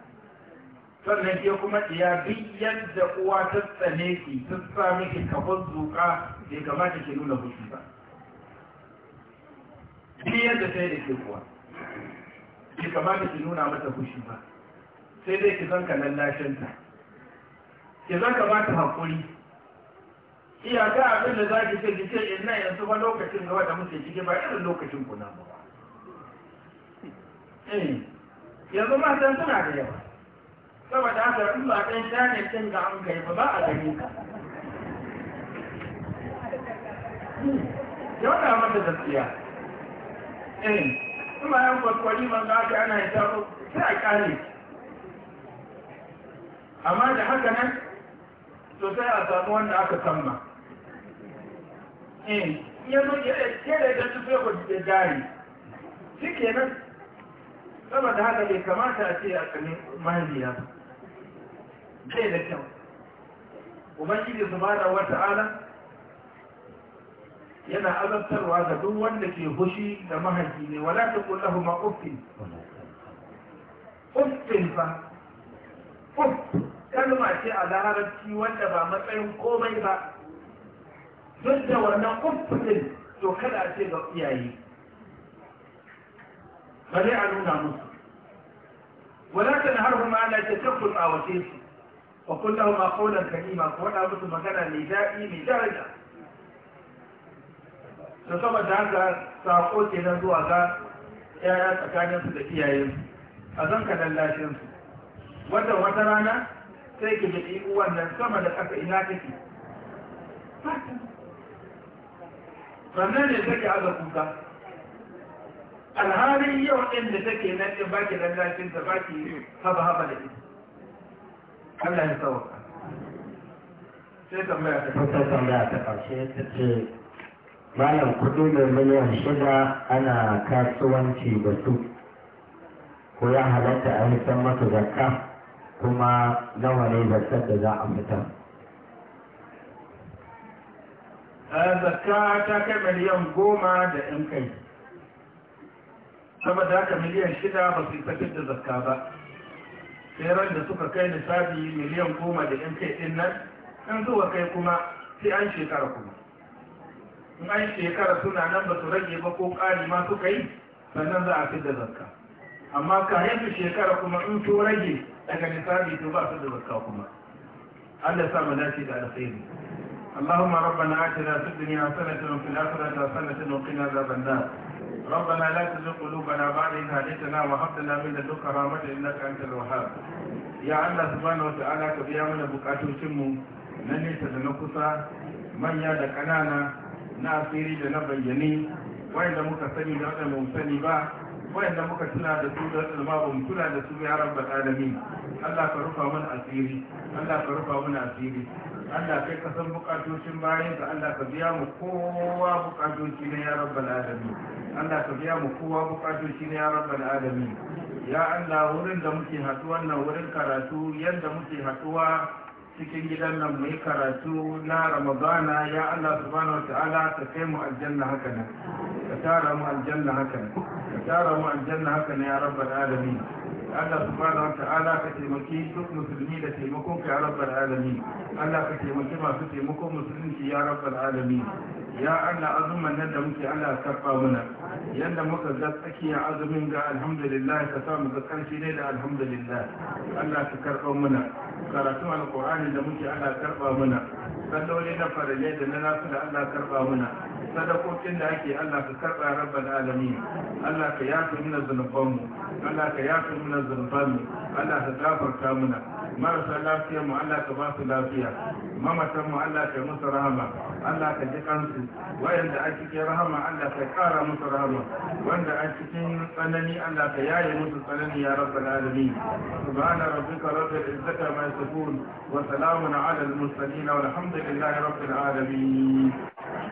sannan ke kuma iya duk yadda uwa ta tsane ki ta sa miki kafin zuka bai kamata ke nuna fushi ba duk yadda ta yi da ke kuwa bai kamata ki nuna mata fushi ba sai dai ki zanka lallashinta ki ka ba ta haƙuri iyaka abin da za ki ce ki ce ina yanzu ba lokacin gaba da muke ciki ba irin lokacin kuna ba eh, yanzu san suna da yawa saboda haka in ba ɗan shane cin ga an kai ba ba a gani ka yau na mata gaskiya eh in ma yan kwakwari man za ka ana hita sai a ƙare amma da haka nan to sai a samu wanda aka samma eh ya zo ya kere da su ko da jari shikenan saboda haka bai kamata a ce a kanin mahaliya bai da kyau ubangiji subhanahu wata'ala yana azabtarwa ga duk wanda ke hushi da mahaifi ne wala ta kullahu ma uffin uffin ba uffin kalma ce a larabci wanda ba matsayin komai ba duk da wannan kumfudin to kada ce ga iyaye ba zai a nuna musu ولكن wa على تكفل أوتيسي وقل لهما قولا ko ولا musu magana mai daɗi mai daraja da da haka sako ke na zuwa ga yaya tsakaninsu da iyayensu a zan zanka lallashinsu wata wata rana sai ke da uwan wannan sama da ƙasa ina take sannan ne take aza kuka alhalin yau ɗin da take nan ɗin baki ke baki haba haba da ita Allah ya sauka sai tambaya ta farko tambaya ta ƙarshe ta ce malam kuɗi mai miliyan shida ana kasuwanci da su ko ya halatta a yi san masu zakka kuma gawa ne zakar da za a fitar zakka ta kai miliyan goma da 'yan kai saboda haka miliyan shida ba su yi da zaka ba sai da suka kai lissafi miliyan goma da 'yan kai ɗin nan in zuwa kai kuma sai an shekara kuma in an shekara suna nan ba su rage ba ko ƙari ma suka yi sannan za a fi da zaka, amma kayan su shekara kuma in su rage Daga nisa biyu ba su da wasu kakuma. Allah ya sa mu dace da alheri. Allahuma Rabbala'i ya ce za su bi duniya suna cinufin na suna cinufin na zaben nan. Rabbala'i lata duk hudu ba na ba da yin halitta na amahabdan abinda duk Ya Allah su bani wata ka biya mana buƙatocinmu na nesa da na kusa, manya da kanana na asiri da na bayyane, wayar muka sani dar da mun sani ba? wayanda muka tuna da su da mu tuna da su ya rabba alamin Allah ka rufa mana asiri Allah ka rufa mana asiri Allah kai ka san bukatocin bayan ka Allah ka biya mu kowa bukatoci ne ya rabba alamin Allah ka biya mu kowa bukatoci ne ya rabba alamin ya Allah wurin da muke haɗu wannan wurin karatu yadda muke haɗuwa cikin gidan nan mu yi karatu na ramadana ya Allah subhanahu wa ta'ala ka kai mu aljanna haka nan ka tara mu aljanna haka nan ka tara mu aljanna haka nan ya rabbal alamin Allah subhanahu wa ta'ala ka taimaki duk musulmi da taimakon ka ya rabbal alamin Allah ka taimaki masu taimakon musulunci ya rabbal alamin ya Allah azumin nan da muke Allah karɓa mana yadda muka ga tsakiya azumin ga alhamdulillah ka sa da ga ne da alhamdulillah Allah ka karɓa mana karatun alqur'ani da muke Allah karɓa mana salloli na farale da na nasu da Allah karɓa mana sadakokin da ake Allah ka karɓa rabbal alami Allah ka yafi mana zunubanmu Allah ka yafi mana zunubanmu Allah ka gafarta mana marasa lafiya mu Allah ka ba su lafiya mamatan mu Allah ka musu rahama Allah ka ji kansu wayanda a cikin rahama Allah ka kara musu rahama wanda a cikin tsanani Allah ka yaye musu tsanani ya rabbal alamin subhana rabbika rabbil izzati ma yasifun wa salamun ala al mursalin والحمد لله رب العالمين